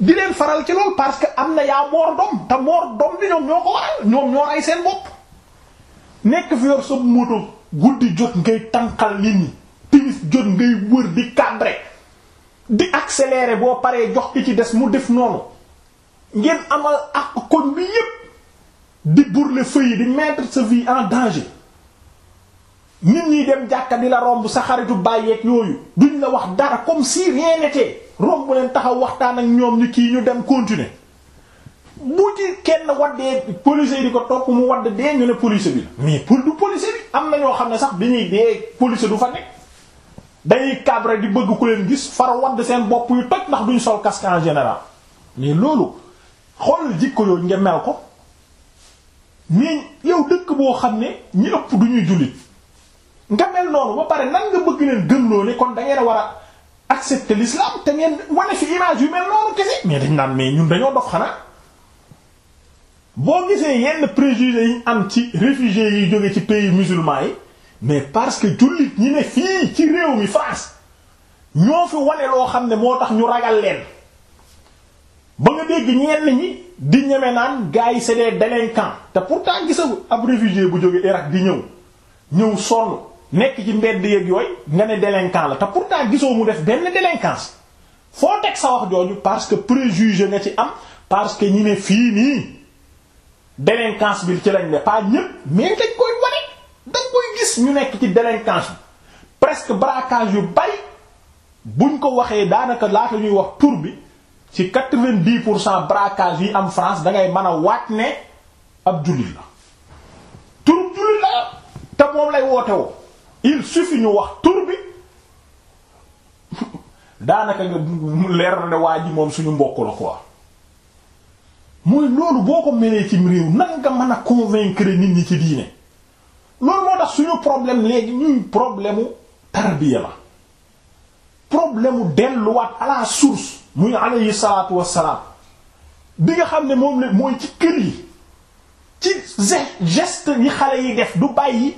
Speaker 1: di leen faral ci lool parce que am na yaa moor doom te moor doom bi ñoom ñoo ko waral ñoom ñoo rey seen bopp nekk fi yor sa moto di jot ngay tànqal nit ñi timis jot ngay wër di cadrer di accélérer boo paree jox ki ci des mu def noonu ngeen amal ak kon bi yépp di bourler feu yi di mettre sa vie en danger nit ñi dem jàkka di la romb sa xaritu bàyyeeg yooyu duñ la wax dara comme si rien n'était romb leen taxaw waxtaan ak ñoom ñu kii ñu dem continuer bu ci kenn waddee policier di ko topp mu wadd dee ñu ne policier bi la mais pour du policier bi am na ñoo xam ne sax bi ñuy dee policier du fa nekk dañuy cabre di bëgg ku leen gis far wadd seen bopp yu toj ndax duñ sol casque en général mais loolu xool jikko yooyu nga mel ko mais yow dëkk boo xam ne ñi ëpp duñuy jullit nga mel noonu ba pare nan nga bëgg leen gëmloo ne kon da ngeen war a accepter l'islam te ngeen wane fi image yu mel noonu kese mais dañ naan mais ñun dañoo dox xanaa boo gisee yenn préjugés yi am ci réfugiés yi jóge ci pays musulman yi mais parce que jullit ñi ne fii ci réew mi France ñoo fi wane loo xam ne moo tax ñu ragal leen ba nga dégg ñenn ñi di ñeme naan gars yi c'est des délinquants te pourtant gisa ab réfugié bu jóge Irak di ñëw ñëw sonn nekk ci mbedd yeeg yooyu nga ne délinquant la te pourtant gisoo mu def benn délinquance foo teg sa wax jooju parce que préjugé nga ci am parce que ñi ne fii nii délinquance bi ci lañ ne pas ñëpp mais dañ koy wane dañ koy gis ñu nekk ci délinquance bi presque braquage yu bari buñ ko waxee daanaka laata ñuy wax tur bi ci quatre-vingt-dix pour cent bracage yi am France da ngay mën a waat ne ab jullit la tur jullit la te moom lay woote woo il suffit ñu wax tur bi daanaka nga leer na ne waa ji moom suñu mbokk la quoi. mooy loolu boo ko melee cim réew nag nga mën a convaincre nit ñi ci diine loolu moo tax suñu problème léegi ñuy problème mu tarbiya la problème mu delluwaat à la source muy alayhi salaatu wassalaam bi nga xam ne moom la mooy ci kër yi ci geste yi xale yi def du bàyyi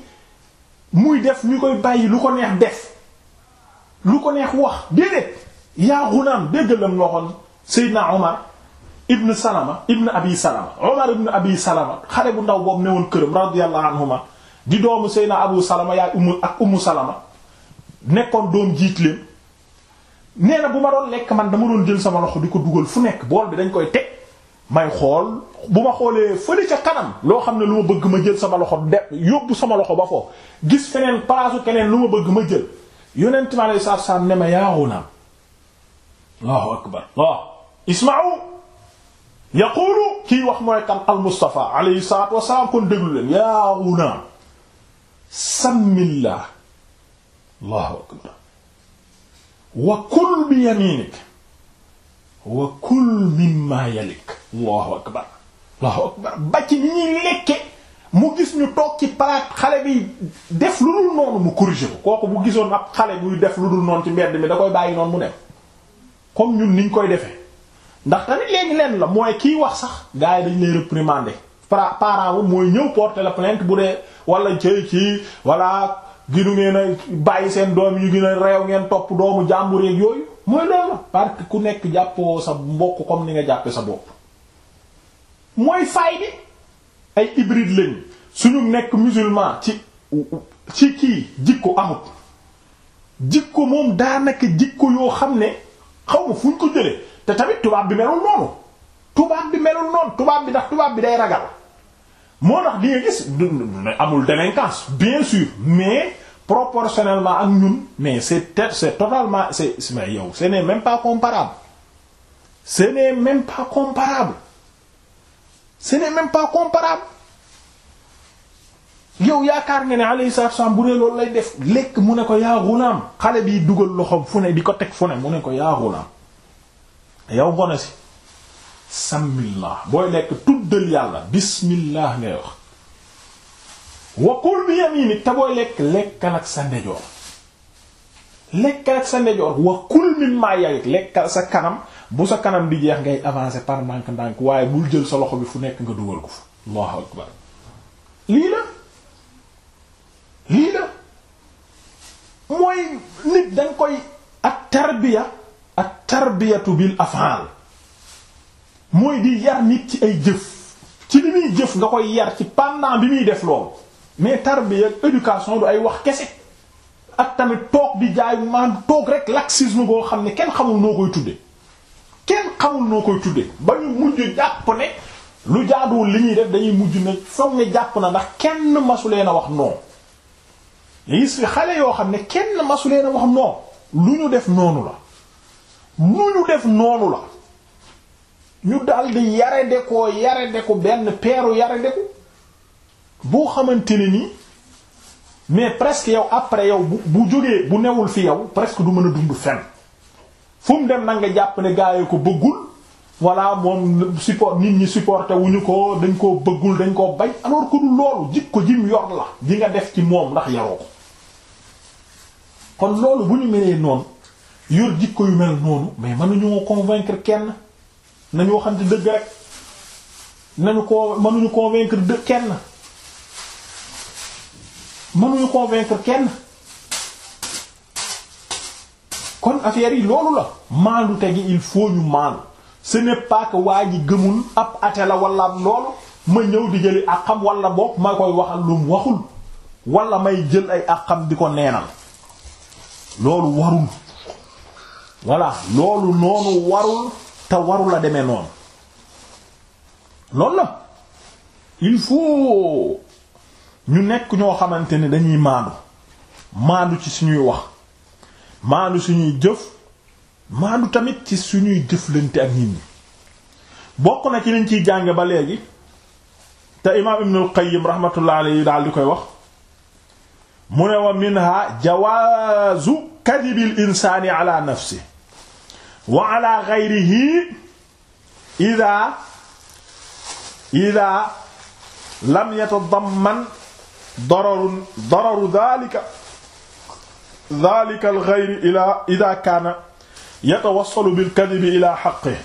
Speaker 1: muy def ñu koy bàyyi lu ko neex def lu ko neex wax déedéet yaa xunaam dégg lam waxoon Seydina Omar ibn salama ibn abi salama omar ibn abi salama xale bu ndaw boobu newoon këram radiyallahu anhuma di doomu seyna abu salama yaay umu ak umu salama nekkoon doom jiit leen nee na bu ma doon lekk man dama doon jël sama loxo di ko dugal fu nekk bool bi dañ koy teg may xool bu ma xoolee fële ca kanam loo xam ne lu ma bëgg ma jël sama loxo de yóbbu sama loxo ba foofu gis feneen palaasu keneen lu ma bëgg ma jël yonent mi alayhi salaatu salaam ne ma yaa ghulam allahu akbar yaqulu kii wax mooy kan al Mustafa alayhi salaatu wasalaam kon déglu leen yaa wunaa allahu akbar wa kul bi yaminik wa kul mimma yalik allahu akbar allahu akbar ba ci ni ñuy lekke mu gis ñu toog ci palaat xale bi def lu dul noonu mu corriger ko kooku bu gisoon ab xale buy def lu dul noonu ci mbedd mi da koy bàyyi noonu mu dem comme ñun niñ koy defee ndax tamit leen la mooy kiy wax sax gars yi dañ lay réprimander par parent mooy ñëw porter la plainte bu dee wala cëy ci wala ginu ngeen bàyyi seen doom yu gën a reew ngeen topp doomu jàmbur yooyu mooy loolu la ku nekk jàppoo sa mbokk comme ni nga jàppe sa bopp mooy faay bi ay hybride lañ suñu nekk musulman ci ci kii jikko amut jikko moom daanaka jikko yoo xam ne xaw ma fuñ ko jële te tamit tubaab bi melul noonu tubaab bi melul noonu tubaab bi ndax tubaab bi day ragal moo tax di nga gis amul délinquance bien sûr mais proportionnellement ak ñun mais c'est c'est totalement c'est mais yow ce n'est même pas comparable ce n'est même pas comparable ce n'est même pas comparable yow yaakaar nga ne alayhi salaatu wasallam bu ne loolu lay def lekk mu ne ko yaa ghulam xale bii dugal loxoom fu ne di ko teg fu ne mu ne ko yaa ghulam yow gone si samillah booy lekk tuddal yàlla bismillah ngay wax wa kul bi yaminik te booy lekk lekkal ak sa ndejoor lekkal ak sa ndejoor wa kul mimma lekkal sa kanam bu sa kanam bi jeex ngay avancé par ndànk-ndànk waaye bul jël sa loxo bi fu nekk nga dugal ko fa lii la lii la mooy nit danga koy ak tarbiya ak tarbiyatu bil af'al mooy di yar nit ci ay jëf ci li muy jëf nga koy yar ci pendant bi muy def loolu mais tarbiya ak éducation du ay wax kese ak tamit toog bi jaay man toog rek laxisme boo xam ne kenn xamul noo koy tudde kenn xamul noo koy tudde ba ñu mujj jàpp ne lu jaaduwul li ñuy def dañuy mujj ne foog ne jàpp na ndax kenn masu leen a wax non gis xale yoo xam ne kenn masu leen a wax non lu ñu def noonu la nu ñu def noonu la ñu daldi yare de ko yare de ko benn peeru yare de ko boo xamante ne nii mais presque yow après yow bu bu jógee bu newul fi yow presque du mën a dund fenn fu mu dem nag nga jàpp ne gaa ko bëggul voilà moom support nit ñi supporté wu ñu ko dañ koo bëggul dañ koo bañ alors ko du loolu jikko ji mu yor la di nga def ci moom ndax yaroo ko kon loolu bu ñu melee noonu. yor jikko yu mel noonu mais mënuñoo convaincre kenn nañu waxante dëgg rek nañu ko mënuñu convaincre dë kenn mënuñu convaincre kenn kon affaire yi loolu la maandu tegi il faut ñu maandu ce n'est pas waa ji gëmul ab ate la wala ab loolu ma ñëw di jëli àqam wala boog ma koy waxal lu waxul walla may jël ay àqam di ko neenal loolu warul voilà loolu noonu warul te warula a demee noonu loolu la il faut ñu nekk ñoo xamante ni dañuy maandu maandu ci suñuy wax maandu suñuy jëf maandu tamit ci suñuy jëflante ak nit ñi bokk na ci liñ ciy jànge ba léegi te imaam ibnul qayyim rahmatullah alayhi daal di koy wax mu ne wa minha jawaazu kadibil insaani ala nafsi wa ala ghayrihi ida ida lam yatadamman dararu dararu dhalika dhalika al-ghayri ila ida kaana yatawassalu bil-kadhibi ila haqqihi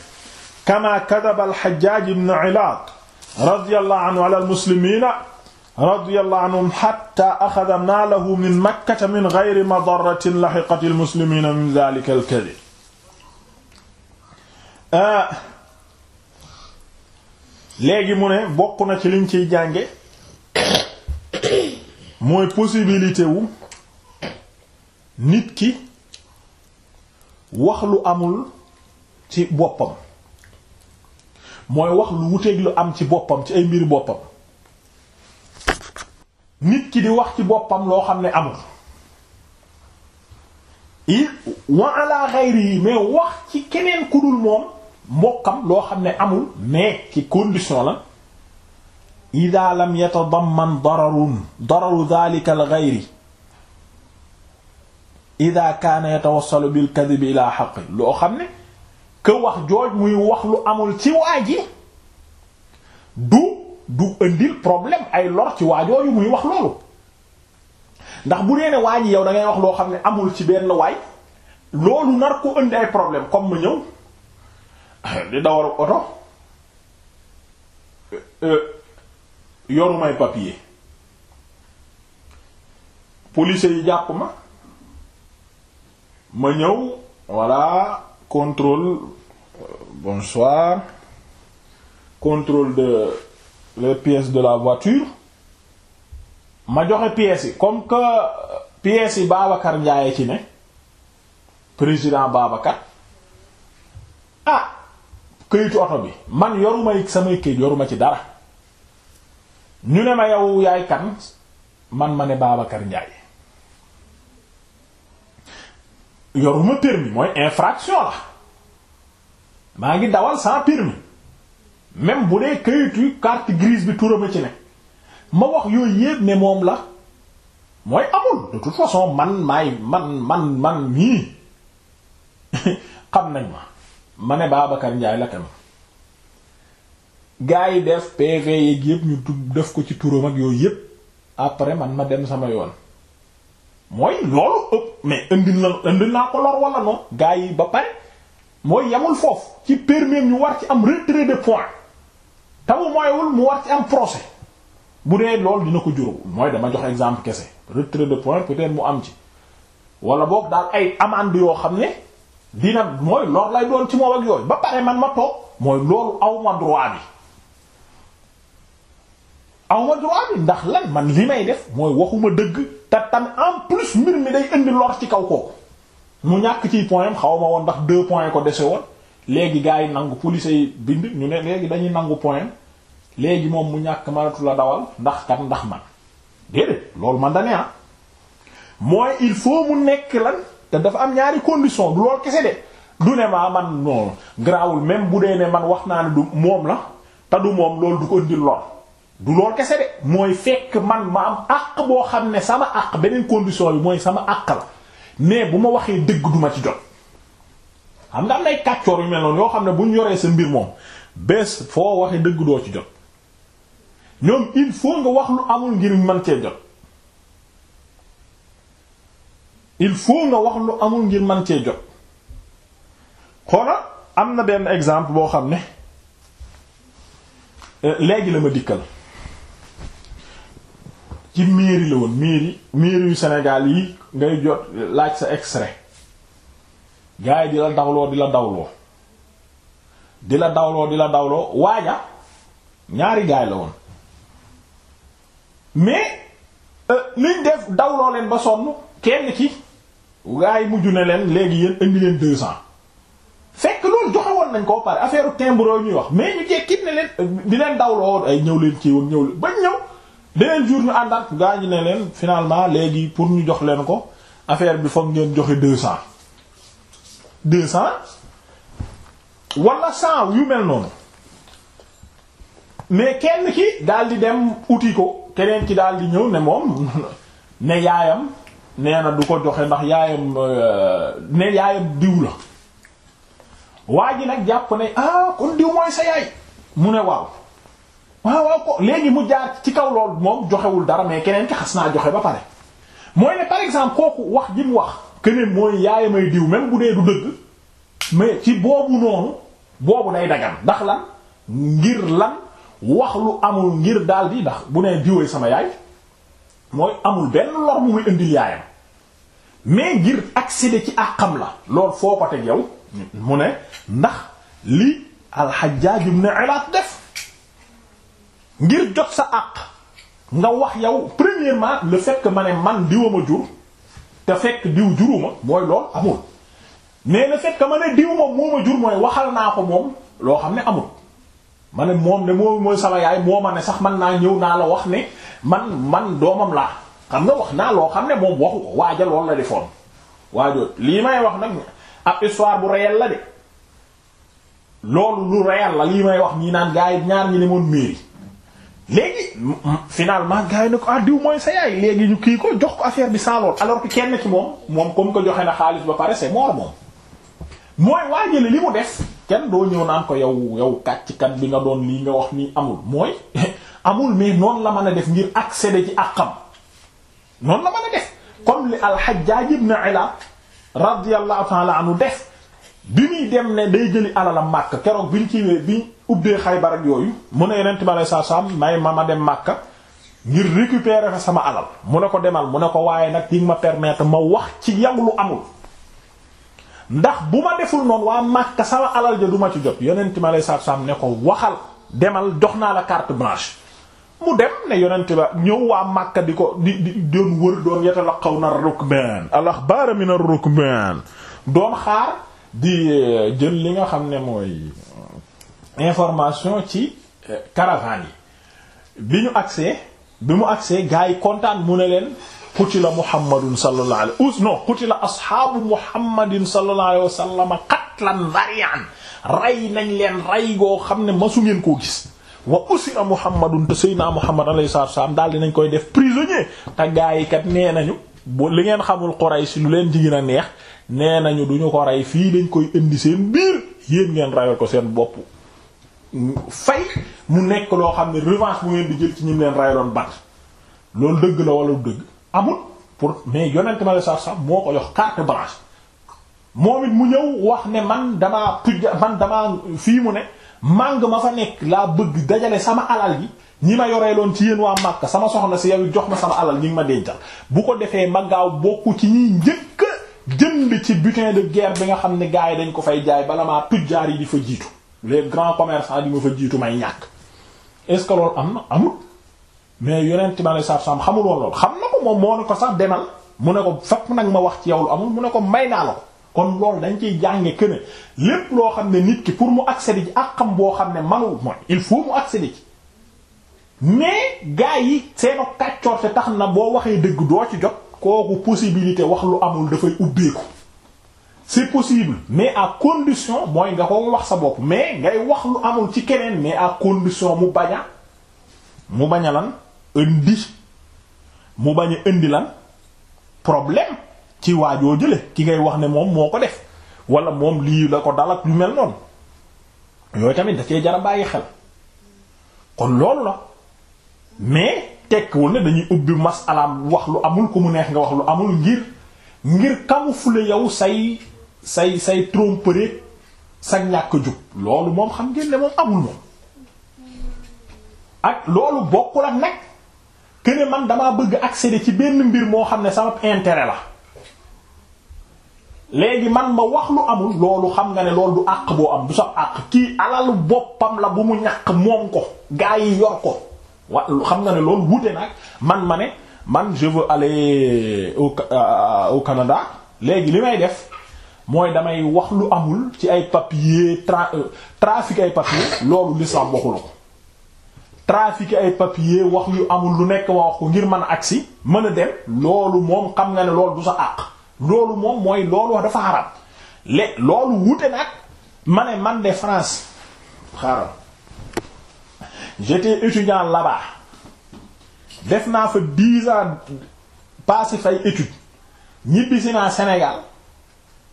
Speaker 1: kama kadhaba al-Hajjaj ibn Ilaat radiyallahu anhu ala al-muslimina radiyallahu anhum hatta akhadha naalahu min Makkata min ghayri madarratin lahiqat al-muslimina min dhalika al-kadhib Ah. léegi mu ne bokk na ci liñ ciy jànge mooy possibilité wu nit ki wax lu amul ci boppam mooy wax lu wuteeg lu am ci boppam ci ay mbir boppam nit ki di wax ci boppam loo xam ne amul i wa ala ghayri mais wax ci keneen ku moom mbokkam loo xam ne amul mais ci condition la ida lam yatadamman dararun dararu dhalika al ghayri ida kaana yatawassalu bil kadhibi ila haqqi loo xam ne que wax jooj muy wax lu amul ci waa ji du du indil problème ay lor ci waa muy wax loolu ndax bu nee ne waa ji yow da wax loo xam ne amul ci benn waay loolu nar ko indi ay problème comme ma ñëw di dawal oto euh, euh, yorumay papier police yi jàpp ma ma ñëw voilà contrôle euh, bonsoir contrôle de les pièces de la voiture ma joxe pièces yi comme que pièces yi Babacar Ndiaye ci ne président Babacar ah këyitu oto bi man yoruma samay këyit yoruma ci dara ñu ne ma yow yaay kan man ma ne Babacar Ndiaye yoruma permis mooy infraction la maa ngi dawal sans permis même bu dee këyitu carte grise bi turama ci ne ma wax yooyu yépp ne moom la mooy amul de toute façon man maay man man man mii xam nañ ma ma ne Babacar Ndiaye la tamit gars yi def PV yeeg yëpp ñu tudd def ko ci turam ak yooyu yëpp après man ma dem sama yoon mooy loolu ëpp mais indi na indi naa ko lor wala non gars yi ba pare mooy yamul foofu ci permis ñu war ci am retrait de point tamu mooywul mu war ci am procès bu dee loolu dina ko juróom mooy dama jox exemple kese retre de point peut mu am ci wala boog daal ay amende yoo xam ne. dina mooy lor lay doon ci moom ak yooyu ba pare man ma toog mooy loolu aw ma droit bi aw ma droit bi ndax lan man li may def mooy waxuma dëgg te tam en plus mbir mi day indi lor ci kaw kooku mu ñàkk ci point am xaw ma woon ndax deux points ko dese woon léegi gars yi nangu police yi bind ñu ne léegi dañuy nangu point léegi moom mu ñàkk manatu la dawal ndax kat ndax man déedéet loolu man da ne ah. mooy il faut mu nekk lan. te dafa am ñaari condition du lool kese de du ne maa man non grawul même bu dee ne man wax naa ne du moom la te du moom loolu du ko indil lool du lool kese de mooy fekk man ma am àq boo xam ne sama àq beneen condition bi mooy sama àq la mais bu ma waxee dëgg duma ci jot xam nga am nay kàccoor yu mel noonu yoo xam ne buñ yoree sa mbir moom bés foo waxee dëgg doo ci jot ñoom il foo nga wax lu amul ngir mën cee jot il faut nga wax lu amul ngir man cee jot xoolal am na benn exemple boo xam ne euh, léegi la ma dikkal ci mairie la woon mairie mairie yu Sénégal yi ngay jot laaj sa extrait gars yi di la dawloo di la dawloo di la dawloo di la dawloo waaja ñaari gaay la woon mais liñ euh, def dawloo leen ba sonn kenn ki gaa yi mujj ne leen léegi yéen indi leen deux cent fekk loolu joxe woon nañ koo pare affaire timbre ñuy wax mais ñu jekkit ne leen di leen dawloo ay ñëw leen kiiwag ñëw leen ñëw beneen jour ñu àndaat gaa ñu ne leen finalement léegi pour ñu jox leen ko affaire bi foog ngeen joxe deux cent deux cent wala cent yu mel noonu mais kenn ki daal di dem uti ko keneen ci daal di ñëw ne moom ne yaayam nee na du ko joxe ndax yaayam euh, ne yaayam diw la waa ji nag jàpp na ah kon diw mooy sa yaay mu ne waaw waaw ah, waaw ko léegi mu jaar ci kaw lool moom joxewul dara mais keneen ki xas naa joxe ba pare mooy ne par exemple kooku wax ji wax keneen mooy yaayamay diw même bu dee du dëgg mais ci boobu noonu boobu day dagan ndax lan ngir lan wax lu amul ngir daal di ndax bu nee diwee sama yaay mooy amul benn lor mu muy indil yaayam mais ngir accéder ci àqam la lool foo ko teg yow mu ne ndax li al-Hajjaj ibn Ilaat def ngir jot sa àq nga wax yow premièrement le fait que ma ne man diwa ma jur te fekk diw juruma mooy lool amul mais le fekk ma ne diw moom moo ma jur mooy waxal naa ko moom loo xam ne amul ma ne moom ne moo mooy sama yaay moo ma ne sax man naa ñëw naa la wax ne man man doomam laa xam nga wax naa loo xam ne moom waxu waaja loolu la defoon waajoot lii may wax nag ab bu réel la de loolu lu réel la lii may wax ñii naan gars yi ñaar ñi ne moon mairie léegi finalement gars yi ne ko ah diw mooy sa yaay léegi ñu kii ko jox ko affaire bi sans lool alors que kenn ci moom moom comme ko joxe na xaalis ba pare c'est mort moom mooy waajale li mu def kenn doo ñëw naan ko yow yow kàccikat bi nga doon lii nga wax nii amul mooy amul mais noonu la mën a def ngir accéder ci àqam noonu la mën a def comme li al-Hajjaj ibn Ilaal radiyallahu ta'ala def bi muy dem ne day jëli alalam Makka keroog biñ ci bi ubbee Xaybar ak yooyu mu ne Yonent bi sallallahu alayhi wasallam may ma ma dem Makka ngir récupérer fa sama alal mu ne ko demal mu ne ko waaye nag yi ma permetre ma wax ci yow lu amul. ndax bu ma deful noonu waa Makka sama alal ja du ci jot yonent ma lay saabsaab ne ko waxal demal jox naa la carte blanche. mu dem ne yonent ba ñëw waa Makka di ko di di doon wër doon yatalaqawna ar-rukbaan al-axbaar min ar-rukbaan doon xaar di eh, jël li nga xam ne mooy eh, information ci eh, caravane yi bi ñu agsee bi mu agsee gars yi kontaan mu ne leen. qutila muhammadun sallallahu alayhi us non qutila asxaabu muhammadin sallallahu alayhi wa sallam qatlan varian rey nañ leen rey goo xam ne masu ngeen koo gis wa usira muhammadun te sayyidina muhammad alayhi salaatu wa salaam daal dinañ koy def prisonnier te yi kat nee nañu bu li ngeen xamul si lu leen jigéen a neex nee nañu duñu ko rey fii dañ koy indi seen biir yéen ngeen reyal ko seen bopp fay mu nekk loo xam ne revanche bu ngeen di jël ci ñim leen reyaloon bat loolu dëgg la wala dëgg amul pour mais yonent ma la sax sax moo ko yox carte blanche moom it mu ñëw wax ne man damaa tujja man damaa fii mu ne màng ma fa nekk laa bëgg dajale sama alal yi ñi ma yoree yoreeloon ci yéen waa Makka sama soxla si yow jox ma sama alal ñi ngi ma dencal bu ko defee ma gaaw bokku ci ñiy njëkk jënd ci butin de guerre bi nga xam ne gars yi dañ ko fay jaay bala maa jaar yi di fa jiitu les grands commerçants di ma fa jiitu may ñàkk est-ce que loolu am na amul mais yonent ma ne saaf saam loolu xam na ko moom moo ne ko sax demal mu ne ko fap nag ma wax ci yow lu amul mu ne ko may naa la ko kon loolu dañ ciy jànge que ne lépp loo xam ne nit ki pour mu accéder ci ak xam boo xam ne manuwul mooy il faut mu accéder ci mais gars yi seeno kàccoor te tax na boo waxee dëgg doo ci jot kooku possibilité wax lu amul dafay ubbeeku c'est possible mais ak condition mooy nga ko wax sa bopp mais ngay wax lu amul ci keneen mais à condition mu baña mu baña lan indi mu bañ a indi lan problème ci waajoo jële ki ngay wax ne moom moo ko def wala moom lii la ko dalak lu mel noonu yooyu tamit da cee jara bàyyi xel kon loolu la mais tekkiwul ne dañuy ubbi masalaam wax lu amul ku mu neex nga wax lu amul ngir ngir camoufler yow say say say tromperie sa ñàkk jub loolu moom xam ngeen ne moom amul moom ak loolu bokkul ak nag que ne man damaa bëgg accéder ci benn mbir moo xam ne sama intérêt la léegi man ma wax lu amul loolu xam nga ne loolu du àq boo am du sax àq kii alalu boppam la bu mu ñàq moom ko gaa yi yor ko wa xam nga ne loolu wute nag man ma ne man je veux aller au euh, euh, au Canada léegi li may def mooy damay wax lu amul ci ay papier tra euh, trafic ay papier loolu l'islam waxul ko trafiquer ay papier wax yu amul lu nekk wax ko ngir mën a agsi mën a dem loolu moom xam nga ne loolu du sa àq loolu moom mooy loolu wax dafa xaram le loolu wute nag ma ne man de France xaaral j'étais étudiant là def naa fa dix ans fay étude ñibbisi naa Sénégal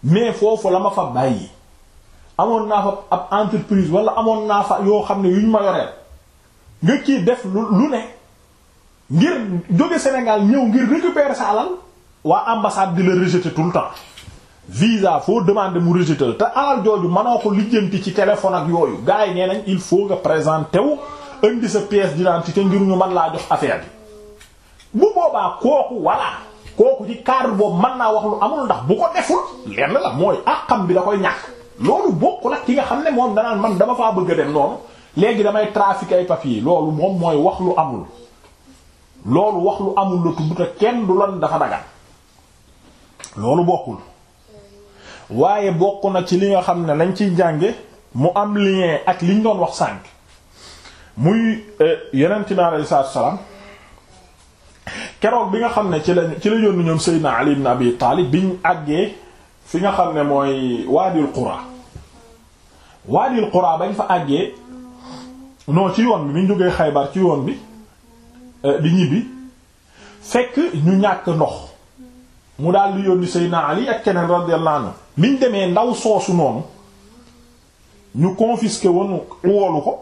Speaker 1: mais foofu la ma fa bàyyi amoon naa fa ab entreprise wala amoon naa fa yoo xam ne yu ñu ma yoreel nga kii def lu ne ngir jóge Sénégal ñëw ngir récupérer sa alal waa ambassade di la rejeter tout le temps visa foo demande mu rejeter la te alal jooju mënoo ko lijjanti ci téléphone ak yooyu gars yi nee nañ il faut nga présenter wu indi sa pièce d'identité ngir ñu man laa jox affaire bi bu boobaa kooku voilà kooku ci cadre boobu man naa wax lu amul ndax bu ko deful lenn la mooy àqam bi da koy ñàkk loolu bokkul ak ki nga xam ne moom danaan man dama faa bëgg a dem léegi damay trafiquer ay papier loolu moom mooy wax lu amul loolu wax lu amul la tudd te kenn du lan dafa dagan loolu bokkul waaye bokk na ci li nga xam ne lañ ciy jànge mu am lien ak liñ doon wax sànq muy euh, yonent bi alayhi salaatu salaam bi nga xam ne ci la ci la yónni ñoom Seydina Ali ibn Abi Taalib biñ àggee fi nga xam ne mooy Waadil Qura Waadil Qura bañ fa àggee non ci yoon bi mi ñu jógee Xaybar ci yoon bi euh, di ñibbi fekk ñu ñàkk ndox mu daal di yónni naa Ali ak keneen radiyallahu anhu liñ demee ndaw soosu noonu ñu confisqué woon woolu ko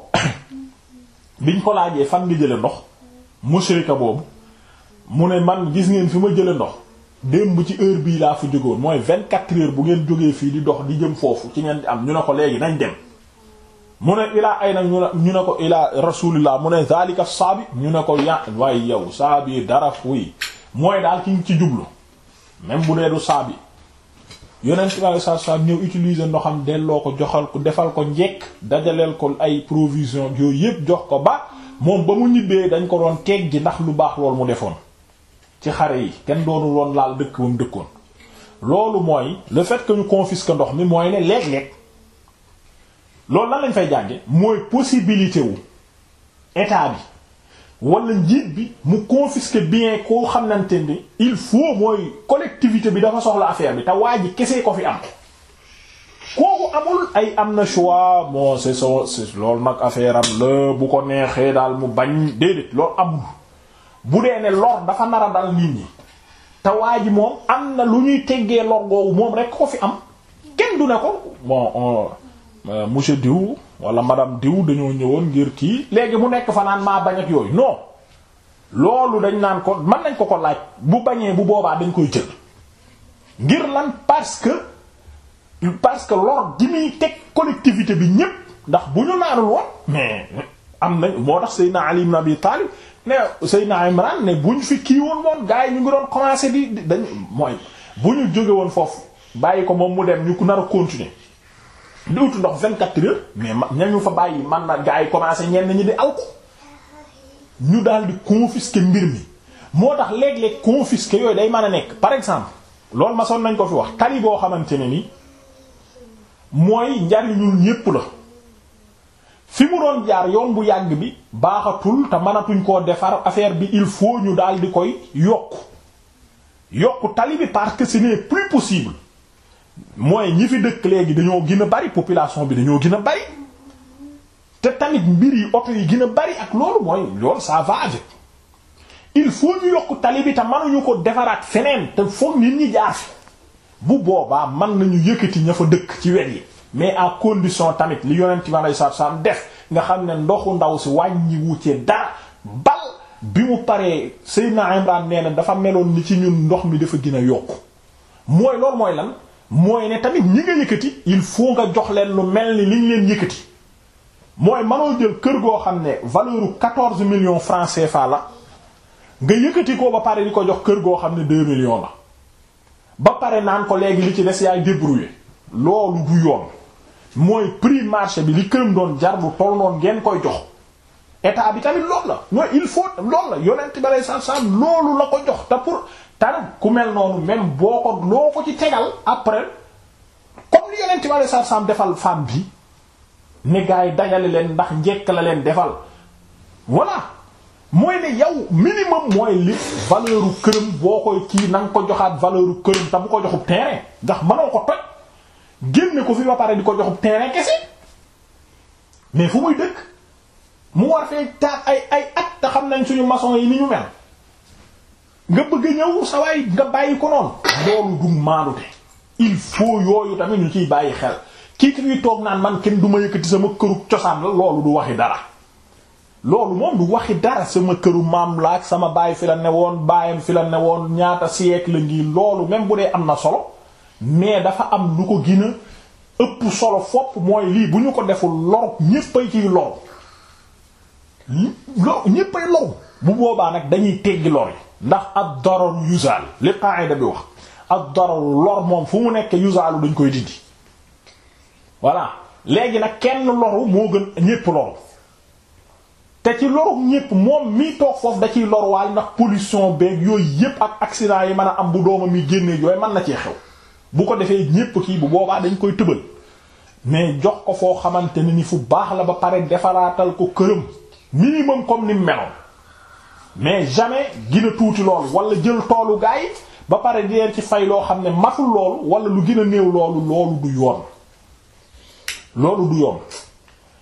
Speaker 1: biñ ko laajee fan nga jële ndox mushrika boobu mu ne man gis ngeen fi ma jële ndox démb ci heure bii laa fa jógoon mooy vint quatre heures bu ngeen jógee fii di dox di jëm foofu ci ngeen di am ñu ne ko léegi nañ dem mu ne ilaa ay nag ñu ne ko ilaa rasulillah mu ne zalika saabi ñu ne ko ya waaye yow saabi dara fuy mooy daal ki ngi ci jublu même bu dee du saabi yonent bi alei satu salaam ñëw utiliser ndoxam delloo ko joxal ko defal ko njekk dajaleel ko ay provision yooyu yépp jox ko ba moom ba mu ñibbee dañ ko doon teeg ji ndax lu baax loolu mu defoon ci xare yi kenn doonu loon laal dëkk ba mu dëkkoon loolu mooy le fait que ñu confisque ndox mi mooy ne léeg-léeg loolu na lañ fay jànge mooy possibilité wu bi wala njiit bi mu confisquer bien koo xamante ni il faut mooy collectivité bi dafa soxla affaire bi te waa ji kese ko fi am kooku amul ay am na choix bon c'est so c'est loolu nag affaire la bu ko neexee daal mu bañ déedéet loolu amul bu dee ne lor dafa nar dal nit ñi te waa ji moom am na lu ñuy teggee lor moom rek ko fi am kenn du ne ko bon Euh, monsieur diw wala madame diw dañoo ñëwoon ngir kii léegi mu nekk fa naan maa bañ yooyu non loolu dañ naan ko man nañ ko ko laaj bu bañee bu boobaa dañ koy jël ngir lan parce que parce que lor ji muy teg collectivité bi ñépp ndax bu ñu naanul woon mais am nañ moo tax Seydina Ali ibn Abi Talib ne Seydina Imran ne bu ñu fi kii woon woon gars yi ñu ngi doon commencé di dañ mooy bu ñu jóge woon foofu bàyyi ko moom mu dem ñu nar a continuer di utu ndox vingt-quatre heures mais ñañu fa bàyyi man na gaa yi commencé ñenn ñi di alku ñu daal di confisquer mbir mi moo tax léeg-léeg confisquer yooyu day mën a nekk par exemple loolu ma son nañ ko fi wax tali boo xamante ne ni mooy njariñul ñépp la fi mu doon jaar yoon bu yàgg bi baaxatul te mënatuñ koo defar affaire bi il faut ñu daal di koy yokk yokk tali bi parce que ce n'est plus possible mooy ñi fi dëkk léegi dañoo gën a bari population bi dañoo gën a bari te tamit mbir yi oto yi gën a bari ak loolu mooy loolu ça il faut ñu yokk tali bi te mënuñu ko defaraat feneen te foog nit ñi jaar bu boobaa man nañu yëkkati ña fa dëkk ci wet yi mais à condition tamit li yonent ma lay saab saab def nga xam ne ndoxu ndaw si wàññiwu ci dara bal bi mu paree Seydina Imran nee na dafa meloon ni ci ñun ndox mi dafa gën a yokk mooy loolu mooy lan mooy ne tamit ñi nga yëkkati il faut nga jox leen lu mel ni liñ leen yëkkati mooy manoo jël kër goo xam ne valeur quatorze million francais CFA la nga yëkkati ko ba pare di ko jox kër goo xam ne deux millions la ba pare naan ko léegi li ci des yaay débrouiller loolu du yoon mooy prix marché bi li këram doon jar bu toll noon ngeen koy jox état bi tamit loolu la mooy il faut loolu la yonent bi lay sàr loolu la ko jox te pour. tar ku mel noonu même boo ko loo ko ci tegal après comme li yonent bi alei satu salaam defal femme bi ne gaa yi dajale leen ndax njekk la leen defal voilà mooy ne yow minimum mooy li valeur u këram boo koy kii na ko joxaat valeur u këram te bu ko joxub terrain ndax mënoo ko toj génne ko fi ba pare di ko joxub terrain kese mais fu muy dëkk mu war fee taat ay ay at te xam nañ suñu maçon yi ni ñu mel nga bëgg a ñëw sa waay nga bàyyi ko noonu loolu du maanute il faut yooyu tamit ñu ciy bàyyi xel kii ki toog naan man kenn du ma yëkkati sama këru cosaan la loolu du waxi dara loolu moom du waxi dara sama këru maam la ak sama baay fi la ne woon baayam fi la ne woon ñaata siècle la ngi loolu même bu dee am na solo mais dafa am lu ko gën ëpp solo fopp mooy lii bu ñu ko deful lor ñéppay ciy lor ñéppay lor bu boobaa nag dañuy teggi lor ndax ak dararu yuzaal li qaida bi wax ad dararu lor moom fu mu nekk yuzaalu dañ koy dindi voilà léegi nag kenn loru moo gën ñépp loru te ci loru ñépp moom mii toog foofu da ciy lor ndax pollution beeg yooyu yépp ak accident yi mën a am bu doomam yi génnee yooyu man na cee xew bu ko defee ñépp kii bu boobaa dañ koy tëbal mais jox ko foo xamante ne ni fu baax la ba pare defaraatal ko këram minimum comme ni meloon mais jamais gën tuuti loolu wala jël toolu gaa ba pare di leen ci fay loo xam ne matul loolu wala lu gën a néew loolu loolu du yoon loolu du yoon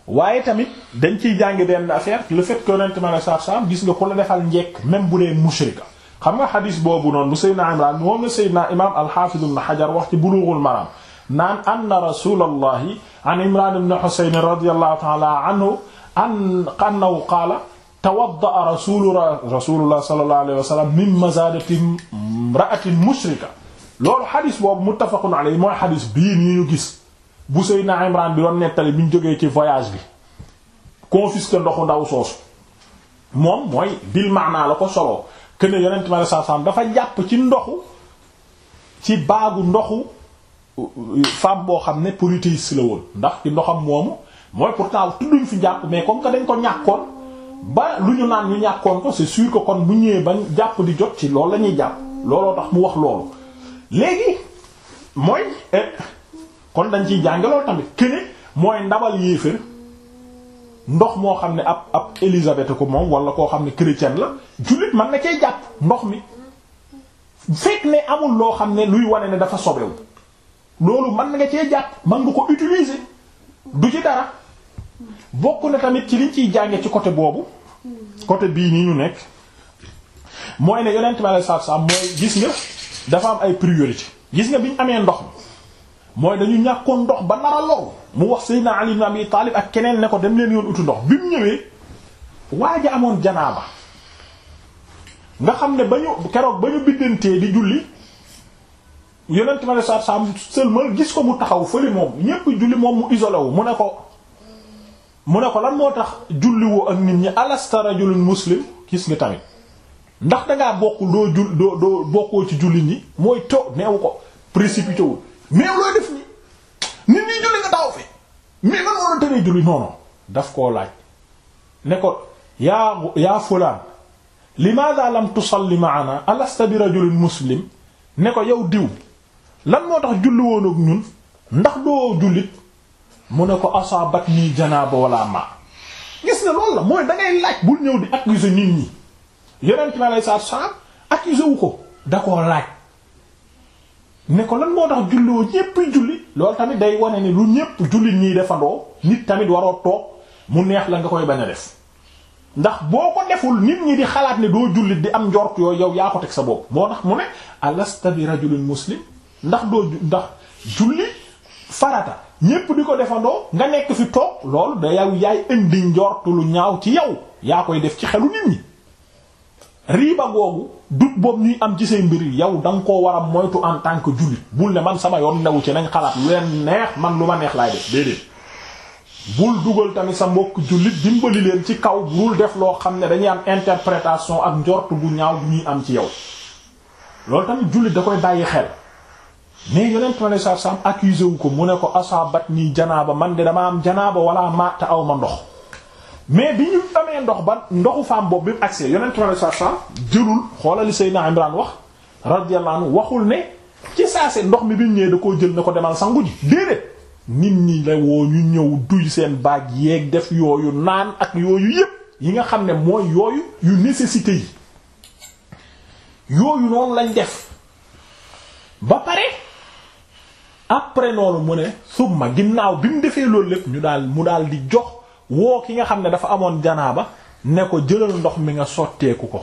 Speaker 1: waaye tamit dañ ciy jàngi benn affaire le fait que yonent ma ne saab gis nga ku la defal njekk même bu dee mushrika xam nga xadis boobu noon bu Seydina Imraan moom la imaam al-Haafiz ibn Hajar wax ci Bulughul Maraam naan anna rasulallahi an Imraan ibn Husayn radiyallahu ta'ala anhu an annahu qaala tawaddaa rasulullah rasulullah sallallahu alayhi wa sallam min mazadati imra'atin mushrika loolu xadis boobu muttafaqun alayhi mooy xadis bii nii ñu gis bu Seydina Imran bi doon nettali bi ñu jógee ci voyage bi confisque ndoxu ndaw soosu moom mooy bil maanaa la ko soloo que ne yonent mi dafa jàpp ci ndoxu ci baagu ndoxu euh, femme boo xam ne politique la woon ndax ci ndoxam moomu mooy pourtant tudduñ fi jàpp mais comme que dañ ko ñàkkoon. ba lu ñu naan ñu ñàkkoon ko c'est sûr que kon bu ñëwee bañ jàpp di jot ci loolu la ñuy jàpp looloo tax mu wax loolu léegi mooy eh, kon dañ ciy jànge loolu tamit kene mooy ndabal yéefér ndox moo xam ne ab ab Élisabeth ko moom wala koo xam ne chrétienne la jullit man na cay jàpp ndox mi fekk ne amul loo xam ne luy wane ne dafa sobewu loolu mën nga cee jàpp mën nga ko utiliser du ci dara bokk na tamit ci liñ ciy jànge ci côté boobu côté bii nii ñu nekk mooy ne yonent bi alei satu salaam mooy gis nga dafa am ay priorité gis nga bi ñu amee ndox mi mooy dañu ñàkkoon ndox ba nar mu wax Seydina Ali ibn Abi Talib ak keneen ne ko dem leen yoon utu ndox bi mu ñëwee waaja amoon janaaba nga xam ne ba ñu keroog ba ñu biddantee di julli yonent bi alei satu salaam seulement gis ko mu taxaw fële moom ñépp julli moom mu isolé wu mu ne ko mu ne ko lan moo tax julliwoo ak nit ñi alasta rajulun muslim gis nga tamit ndax dangaa bokk doo jul doo bokkoo ci jullit ñi mooy to neewu ko précipité wul looy def ni nit ñi julli nga taxaw fi mais lan moo la tëree julli non daf koo laaj ne ko yaa yaa fulaan limaada lam tusalli maana alasta bi rajulin muslim ne ko yow diw lan moo tax julliwoon ak ñun ndax doo jullit mu ne ko asaabat nii janaaba wala ma gis nga loolu la mooy da ngay laaj bul ñëw di accuser nit ñi yonent bi alayhi salaatu salaam accuser wu ko da koo laaj ne ko lan moo tax julliwoo ñépp julli loolu tamit day wane ni lu ñépp jullit ñiy defandoo nit tamit waroo toog mu neex la nga koy bañ a def ndax boo ko deful nit ñi di xalaat ne doo jullit di am njort yooyu yow yaa ko teg sa bopp moo tax mu ne alasta bi rajulin muslim ndax doo ndax julli farata ñépp di ko defandoo nga nekk fi toog loolu da yow yaay indi njortu lu ñaaw ci yow yaa koy def ci xelu nit ñi riiba googu dut boobu ñuy am ci say mbir yow da nga ko war a moytu en tant que jullit bul ne man sama yoon newu ci nañ xalaat lu leen neex man lu ma neex laay def déedéet bul dugal tamit sa mbokk jullit dimbali leen ci kaw bul def loo xam ne dañuy am interprétation ak njort bu ñaaw bu ñuy am ci yow loolu tamit jullit da koy bàyyi xel mais yonent ma lay saaf saam accusé wu ko mu ne ko asaabat nii janaaba man de dama am janaaba wala maat te aw ma ndox mais bi ñu amee ndox ba ndoxu faam boobu bi mu accès yonent ma lay saaf saam jëlul xoolali Seydina Imran wax radiyallahu waxul ne ci saase ndox mi bi ñu da koo jël ne ko demal sangu ji déedéet nit ñi la woo ñu ñëw duy seen baag yeeg def yooyu naan ak yooyu yépp yi nga xam ne mooy yooyu yu nécessité yi yooyu noonu lañ def ba après loolu mu ne summa ginnaaw bi mu defee loolu lépp ñu daal mu daal di jox woo ki nga xam ne dafa amoon ba ne ko jëlal ndox mi nga sotteeku ko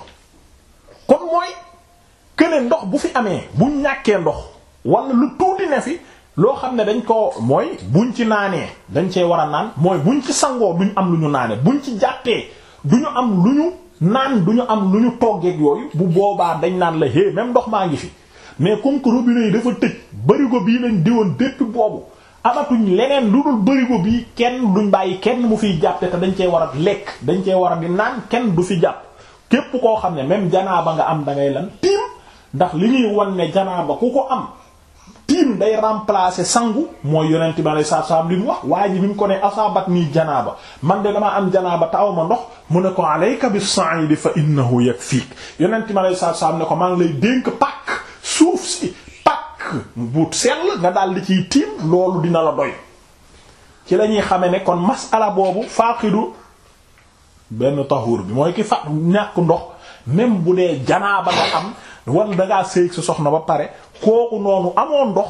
Speaker 1: kon mooy këne ndox bu fi amee buñ ñàkkee ndox wala lu tuuti ne fi loo xam ne dañ ko mooy buñ ci naanee dañ cee war a naan mooy buñ ci sangoo duñ am lu ñu naanee buñ ci jàppee ñu am lu ñu naan duñu am lu ñu toggeeg yooyu bu boobaa dañ naan la hé même ndox maa ngi fi mais comme que robinet yi dafa tëj barigo bii lañ diwoon depuis boobu amatuñ leneen lu dul barigo bii kenn duñ bàyyi kenn mu fiy jàpp te dañ cee war a lekk dañ cee war a di naan kenn du fi jàpp képp koo xam ne même janaaba nga am da ngay lan tiim ndax li ñuy wan ne janaaba ku ko am tiim day remplacer sangu mooy yonent ma alei satu salaam li mu wax waa ji bi mu ko ne asaabat nii janaaba man de damaa am janaaba te ma ndox mu ne ko alayka bis sa'id fa innahu yakfik yonent bi alei satu salaam ne ko maa ngi lay dénk suuf si pakk bu sell nga daal di ciy tiim loolu dina la doy ci lañuy ñuy xame ne kon masala boobu faaqidu benn taxuur bi mooy ki fa ñàkk ndox même bu dee janaaba nga am wala dangaa sëy sa soxna ba pare kooku noonu amoon ndox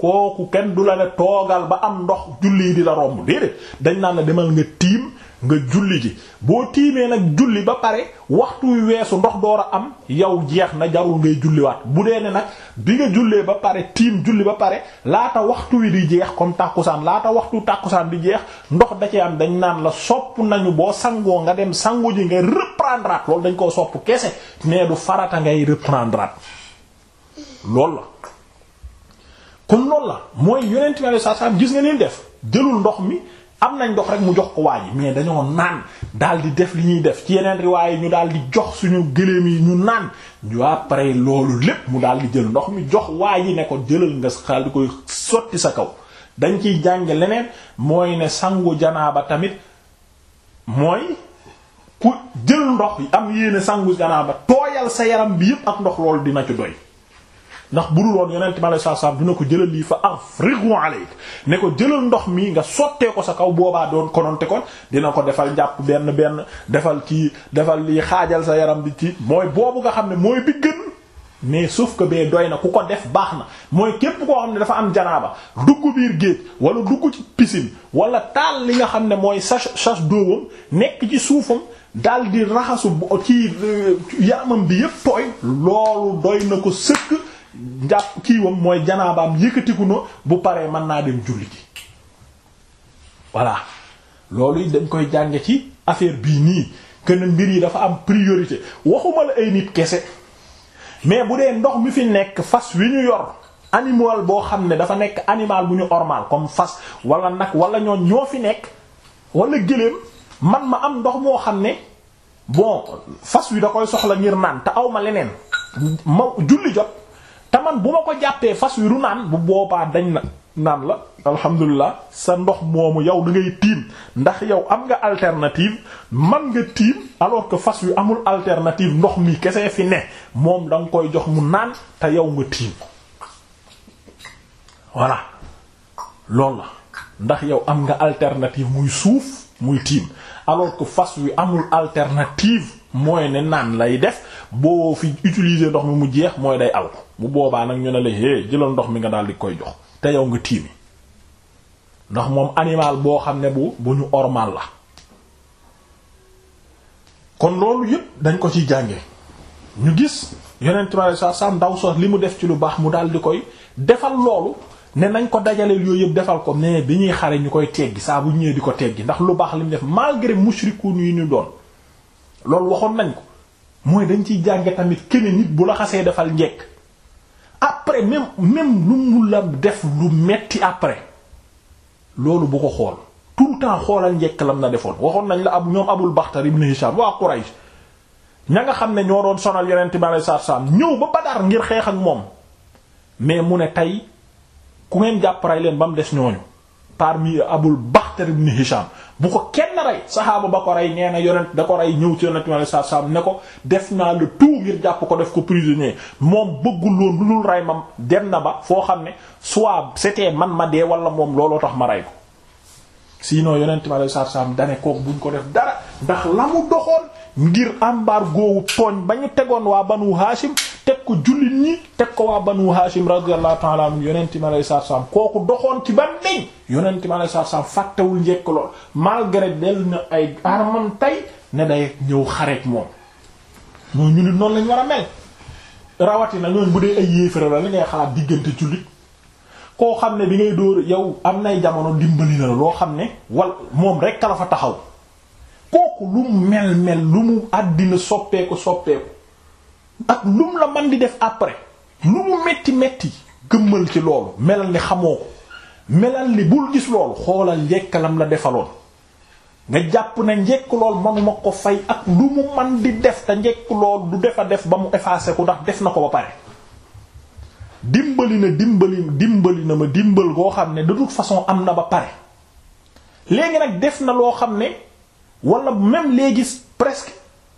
Speaker 1: kooku kenn du la ne toogal ba am ndox julli di la romb déedéet dañ naan la demal nga tiim nga julli ji boo tiimee nag julli ba pare waxtu wi weesu ndox door a am yow jeex na jarul ngay julliwaat bu dee ne nag bi nga jullee ba pare tiim julli ba pare laata waxtu wi di jeex comme tàkkusaan laata waxtu tàkkusaan di jeex ndox da cee am dañ naan la sopp nañu boo sangoo nga dem sangu ji nga reprendre at dañ koo sopp kese mais du farata ngay reprendre at la. kon loolu la mooy yonent bi sallallahu alayhi wasallam gis nga ni def jëlul ndox mi. am nañ ndox rek mu jox ko waa ji mais dañoo naan daal di def li ñuy def ci yeneen riwaay ñu daal di jox suñu gëléem yi ñu naan ñu après loolu lépp mu daal di jël ndox mi jox waa ji ne ko jëlal nga xaal di koy sotti sa kaw dañ ciy jàng leneen mooy ne sangu janaa ba tamit mooy ku jël ndox yi am yéene sangu ba tooyal sa yaram bi yëpp ak ndox loolu dina ci doy ndax bu dul woon yonent bi alayhi salaam dina ko jëlal lii fa afrighu alayk ne ko jëlal ndox mi nga sottee ko sa kaw boobaa doon kononte ko dina ko defal jàpp benn benn defal ci defal lii xaajal sa yaram bi ci mooy boobu nga xam ne mooy bi gën mais sauf ko bee doy na ku ko def baax na mooy képp koo xam ne dafa am janaaba dugg biir géej wala dugg ci piscine wala taal li nga xam ne mooy sach sach doowam nekk ci suufam daal di raxasu ci euh, yaamam bi yépp tooy loolu na ko sëkk njàpp kiiwam mooy janaabam yëkkatiku bu paree mën naa dem julli ji voilà loolu dañ koy jànge ci affaire bii nii kenn mbir yi dafa am priorité waxuma la ay nit kese mais bu dee ndox mi fi nekk fas wi ñu yor animal boo xam ne dafa nekk animal bu ñu ormal comme fas walla nag wala ñoon ñoo fi nekk wala gëléem man ma am ndox moo xam ne bon fas wi da koy soxla ngir naan te aw ma leneen ma julli jot te man bu ma ko jàppee fas wi du naan bu boobaa dañ na naan la alhamdulilah sa ndox moomu yow da ngay tiim ndax yow am nga alternative man nga tiim alors que fas wi amul alternative ndox mi kese fi ne moom da koy jox mu naan te yow nga tiim voilà loolu la ndax yow am nga alternative muy suuf muy tiim alors que fas wi amul alternative mooy ne naan lay def boo fi utiliser ndox mi mu jeex mooy day aw mu boobaa nag ñu ne la hé jëlal ndox mi nga daal di koy jox te yow nga tiimi ndax moom animal boo xam ne bu bu ñu ormal la kon loolu yëpp dañ ko ci jànge ñu gis yonent bi saa saa ndaw sos li mu def ci lu baax mu daal di koy defal loolu ne nañ ko dajaleel yooyu yëpp defal ko ne bi ñuy xare ñu koy teggi saa bu ñëwee di ko teggi ndax lu baax li mu def malgré mushriku yi ñu doon loolu waxoon nañ ko mooy dañ ciy jànge tamit keneen nit bu la xasee defal njekk après même même lu mu la def lu metti après loolu bu ko xool tout le temps xoolal njekk lam na defoon waxoon nañ la ab ñoom abul baxtar ibn hisham waa quraish ña nga xam ne ñoo doon sonal yeneen bi alei satu ñëw ba badar ngir xeex ak moom mais mu ne tey ku ngeen jàpp rey leen ba mu des ñooñu parmi abul baxtar ibn hisham bu ko kenn rey saxaaba ba ko rey nee na yonent da ko rey ñëw ci yonent ma saa saam ne ko def naa le tout ngir jàpp ko def ko prisonnier moom bëggul woon lu dul rey ma dem na ba foo xam ne soit c'était man ma dee wala moom looloo tax ma rey ko si sinon yonent ma saa saam dane kook buñ ko def dara ndax la mu doxoon ngir embargo tooñ ba ñu tegoon waa banu Hashim teg ko jullit ñi teg ko waa ban Hashim radiyallahu ta'ala anhu yonent mi alayhi salaatu kooku doxoon ci ba deñ yonent mi alayhi salaatu salaam fàttewul njëkk lool malgré del na ay armam tey ne day ñëw xareek moom moo ñu nit noonu lañ war a mel rawatina ñoon bu dee ay yéefara la li ngay xalaat diggante jullit koo xam ne bi ngay dóor yow am nay jamono dimbali na la loo xam ne wal moom rek la fa taxaw kooku lu mu mel mel lu mu àddina soppeeku soppeeku ak lu mu la man di def après lu mu metti metti gëmmal ci loolu melal ni xamoo ko melal ni bul gis loolu xoolal njekkalam la defaloon nga jàpp na njekk lool manuma ko fay ak lu mu man di def te njekk lool du defa def ba mu effacé ku ndax def na ko ba pare dimbali na dimbali dimbali na ma dimbal koo xam ne de façon am na ba pare léegi nag def na loo xam ne wala même léegi presque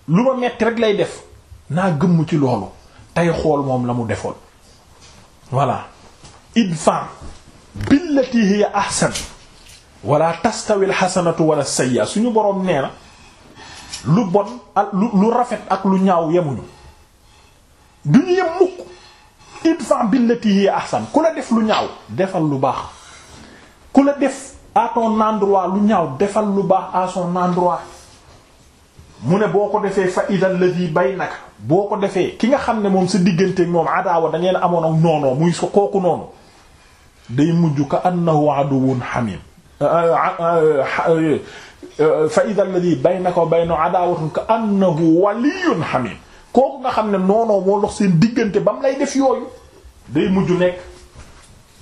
Speaker 1: lu ma metti rek lay def naa gëmm ci loolu tey xool moom la mu defoon voilà idfa billati hiya ahsan wala tastawi alxasanatu wala sayya suñu boroom nee na lu bon lu rafet ak lu ñaaw yemuñu du ñu yem mukk idfa billati hiya ahsan ku la def lu ñaaw defal lu baax ku la def à ton endroit lu ñaaw defal lu baax à son mu ne boo ko defee fa idal ladhi baynaka boo ko defee ki nga xam ne moom sa diggante moom adaawa dangeen amoon ak noonoo muy sa kooku noonu day mujj ka annahu aduwwun hamim euh, euh, euh, fa idal ladhi baynaka wa baynahu adaawatun ka annahu waliyyun hamim kooku nga xam ne noonoo moo dox seen diggante ba mu lay def yooyu day mujj nekk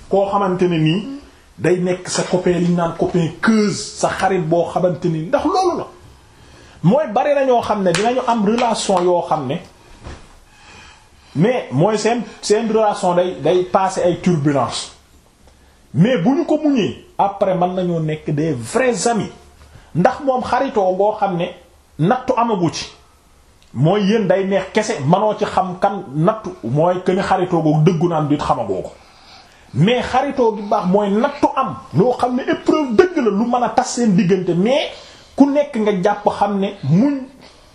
Speaker 1: koo xamante ne nii day nekk sa copain li ñu naan copain queuse sa xarit boo xamante ni ndax loolu la mooy bari na ñoo xam ne dinañu am relation yoo xam ne mais mooy seen seen relation day day passer ay turbulences mais bu ñu ko muñee après mën nañoo nekk des vrais amis ndax moom xaritoo boo xam ne nattu amagu ci mooy yéen day neex kese mënoo ci xam kan nattu mooy que ni xaritoo googu dëggu naan dit xamagoo ko mais xaritoo gi baax mooy nattu am loo xam ne épreuve dëgg la lu mën a tas seen diggante mais ku nekk nga jàpp xam ne muñ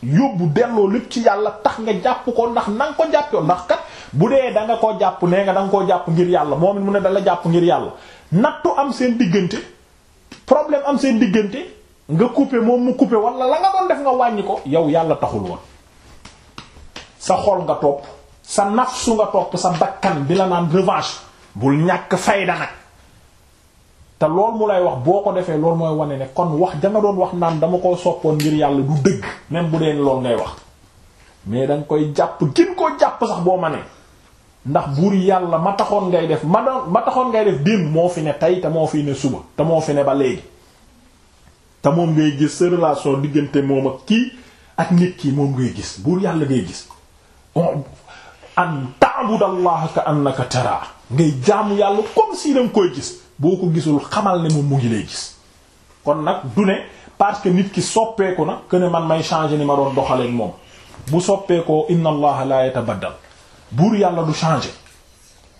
Speaker 1: yóbbu delloo lépp ci yàlla tax nga jàpp ko ndax na ko jàppoon ndax kat bu dee da nga koo jàpp nga da nga koo jàpp ngir yàlla moom it mu ne dala la jàpp ngir yàlla nattu am seen diggante problème am seen diggante nga couper moom mu couper wala la nga doon def nga wàññi ko yow yàlla taxul woon sa xol nga topp sa nafsu nga topp sa bakkan bi la naan revanche bul ñàkk fayda nag te lool mu lay wax boo ko defee loolu mooy wane ne kon wax ja doon wax naan dama koo soppoon ngir yàlla du dëgg même bu dee lool ngay wax mais danga koy jàpp gin koo jàpp sax ma ne ndax buur yàlla ma taxoon ngay def ma moo fi ne tey te moo fi ne suba te moo fi ne ba léegi te moom ngay gis sa relation diggante moom ak kii ak nit ki moom ngay gis buur yàlla ngay gis an ta'budallaha ka annaka tara ngay jàmm yàlla comme si danga koy gis boo ko gisul xamal ne moom mu ngi lay gis kon nag du ne parce que nit ki soppeeku na que man may changer ni ma doon doxalee moom bu soppeekoo inna allaha la yatabaddal buur yàlla du changer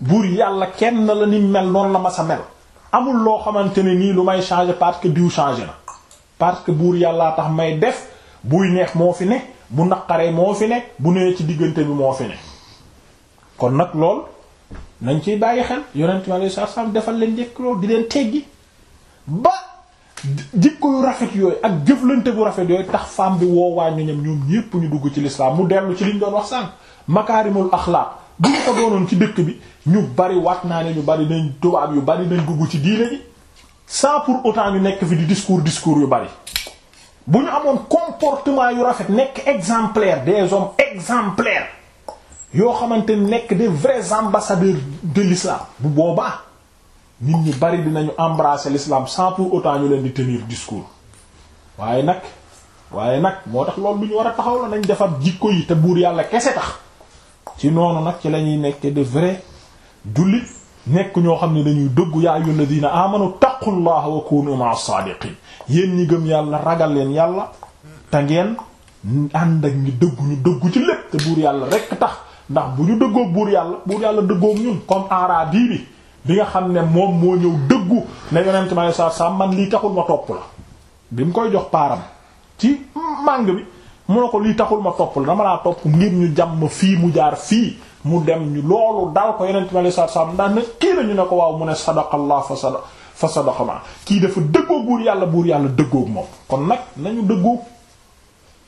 Speaker 1: buur yàlla kenn la ni mel noonu la ma sa mel amul loo xamante ne nii lu may changer parce que diw changer na parce que buur yàllaa tax may def buy neex moo fi ne bu naqaree moo fi ne bu nee ci diggante bi moo fi ne kon nag nañ ciy bàyyi xel yonent bi alayhi salaam defal leen njëkk loolu di leen teggi ba jikko yu rafet yooyu ak jëflante bu rafet yooyu tax femme bi woowaa ñu ñam ñoom ñépp ñu dugg ci lislaam mu dellu ci liñ doon wax sànq makaarimul axlaaq bu ñu ko doonoon ci dëkk bi ñu bari waat naa ne ñu bari nañ tubaab yu bari nañ dugg ci diine ji sans pour autant yu nekk fi di discours discours yu bari bu ñu amoon comportement yu rafet nekk exemplaire des hommes exemplaires yoo xamante nekk des vrais ambassadeurs de l'islam bu boobaa nit ñi bari dinañu embrasser l'islam sans pour autant ñu leen di tenir discours waaye nag waaye nag moo tax loolu lu ñu war a taxaw la nañ defar jikko yi te buur yàlla kese tax ci noonu nag ci lañuy ñuy nekk de vrai jullit nekk ñoo xam ne dañuy dëggu yaa ayyuha alladina amanu taqullaha wa kunu ma'as sadiqin yéen ñi gëm yàlla ragal leen yàlla te ngeen ànd ak ñi dëggu ñu dëggu ci lépp te buur yàlla rekk tax ndax bu ñu dëggoog buur yàlla buur yàlla dëggook ñun comme Arabi bi bi nga xam ne moom moo ñëw dëggu ne yonent ma sa sa lii taxul ma topp bi mu koy jox paaram ci màng bi mu ne ko lii taxul ma topp dama laa topp ngir ñu jàmm fii mu jaar fii mu dem ñu loolu dal ko yonent ma sa sa ndax ne ñu ne ko waaw mu ne sadaqallah fa sada fa sadaqama kii dafa dëggoog yàlla buur yàlla dëggoog kon nag nañu dëggoog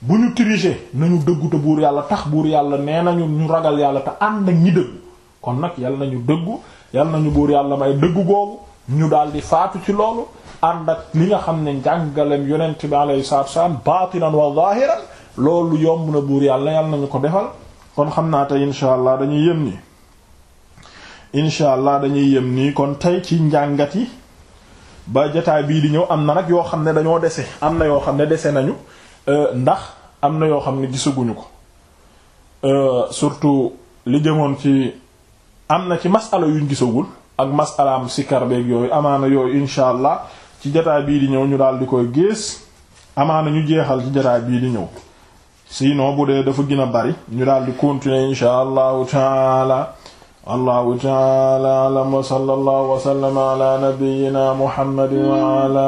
Speaker 1: bu ñu tricher nañu dëggu te buur yàlla tax buur yàlla nee nañu ñu ragal yàlla te ànd ak ñi dëggu kon nag yàlla nañu dëggu yàlla nañu buur yàlla may dëggu googu ñu daal di faatu ci loolu ànd ak li nga xam ne njàngaleem yonent bi alayhi salaatu wassalaam baatinan wa zaahiran loolu yomb na buur yàlla yàlla nañu ko defal kon xam naa tey incha allah dañuy yem nii incha allah dañuy yem nii kon tey ci njàngat yi ba jotaay bii di ñëw am na nag yoo xam ne dañoo dese am na yoo xam ne dese nañu. Euh, ndax am na yoo xam ne gisaguñu ko euh, surtout li jëmoon ci am na ci masala yuñ gisagul ak masalaam sikar beeg yooyu amaana yooyu incha allah ci jotaay bii di ñëw ñu daal di koy gées amaana ñu jeexal ci jotaay bii di ñëw sinon bu dee dafa gën a bari ñu daal di continuer incha allahu taala allahu taala alam wa sallallahu wa sallama ala nabiyyina muhammadin wa ala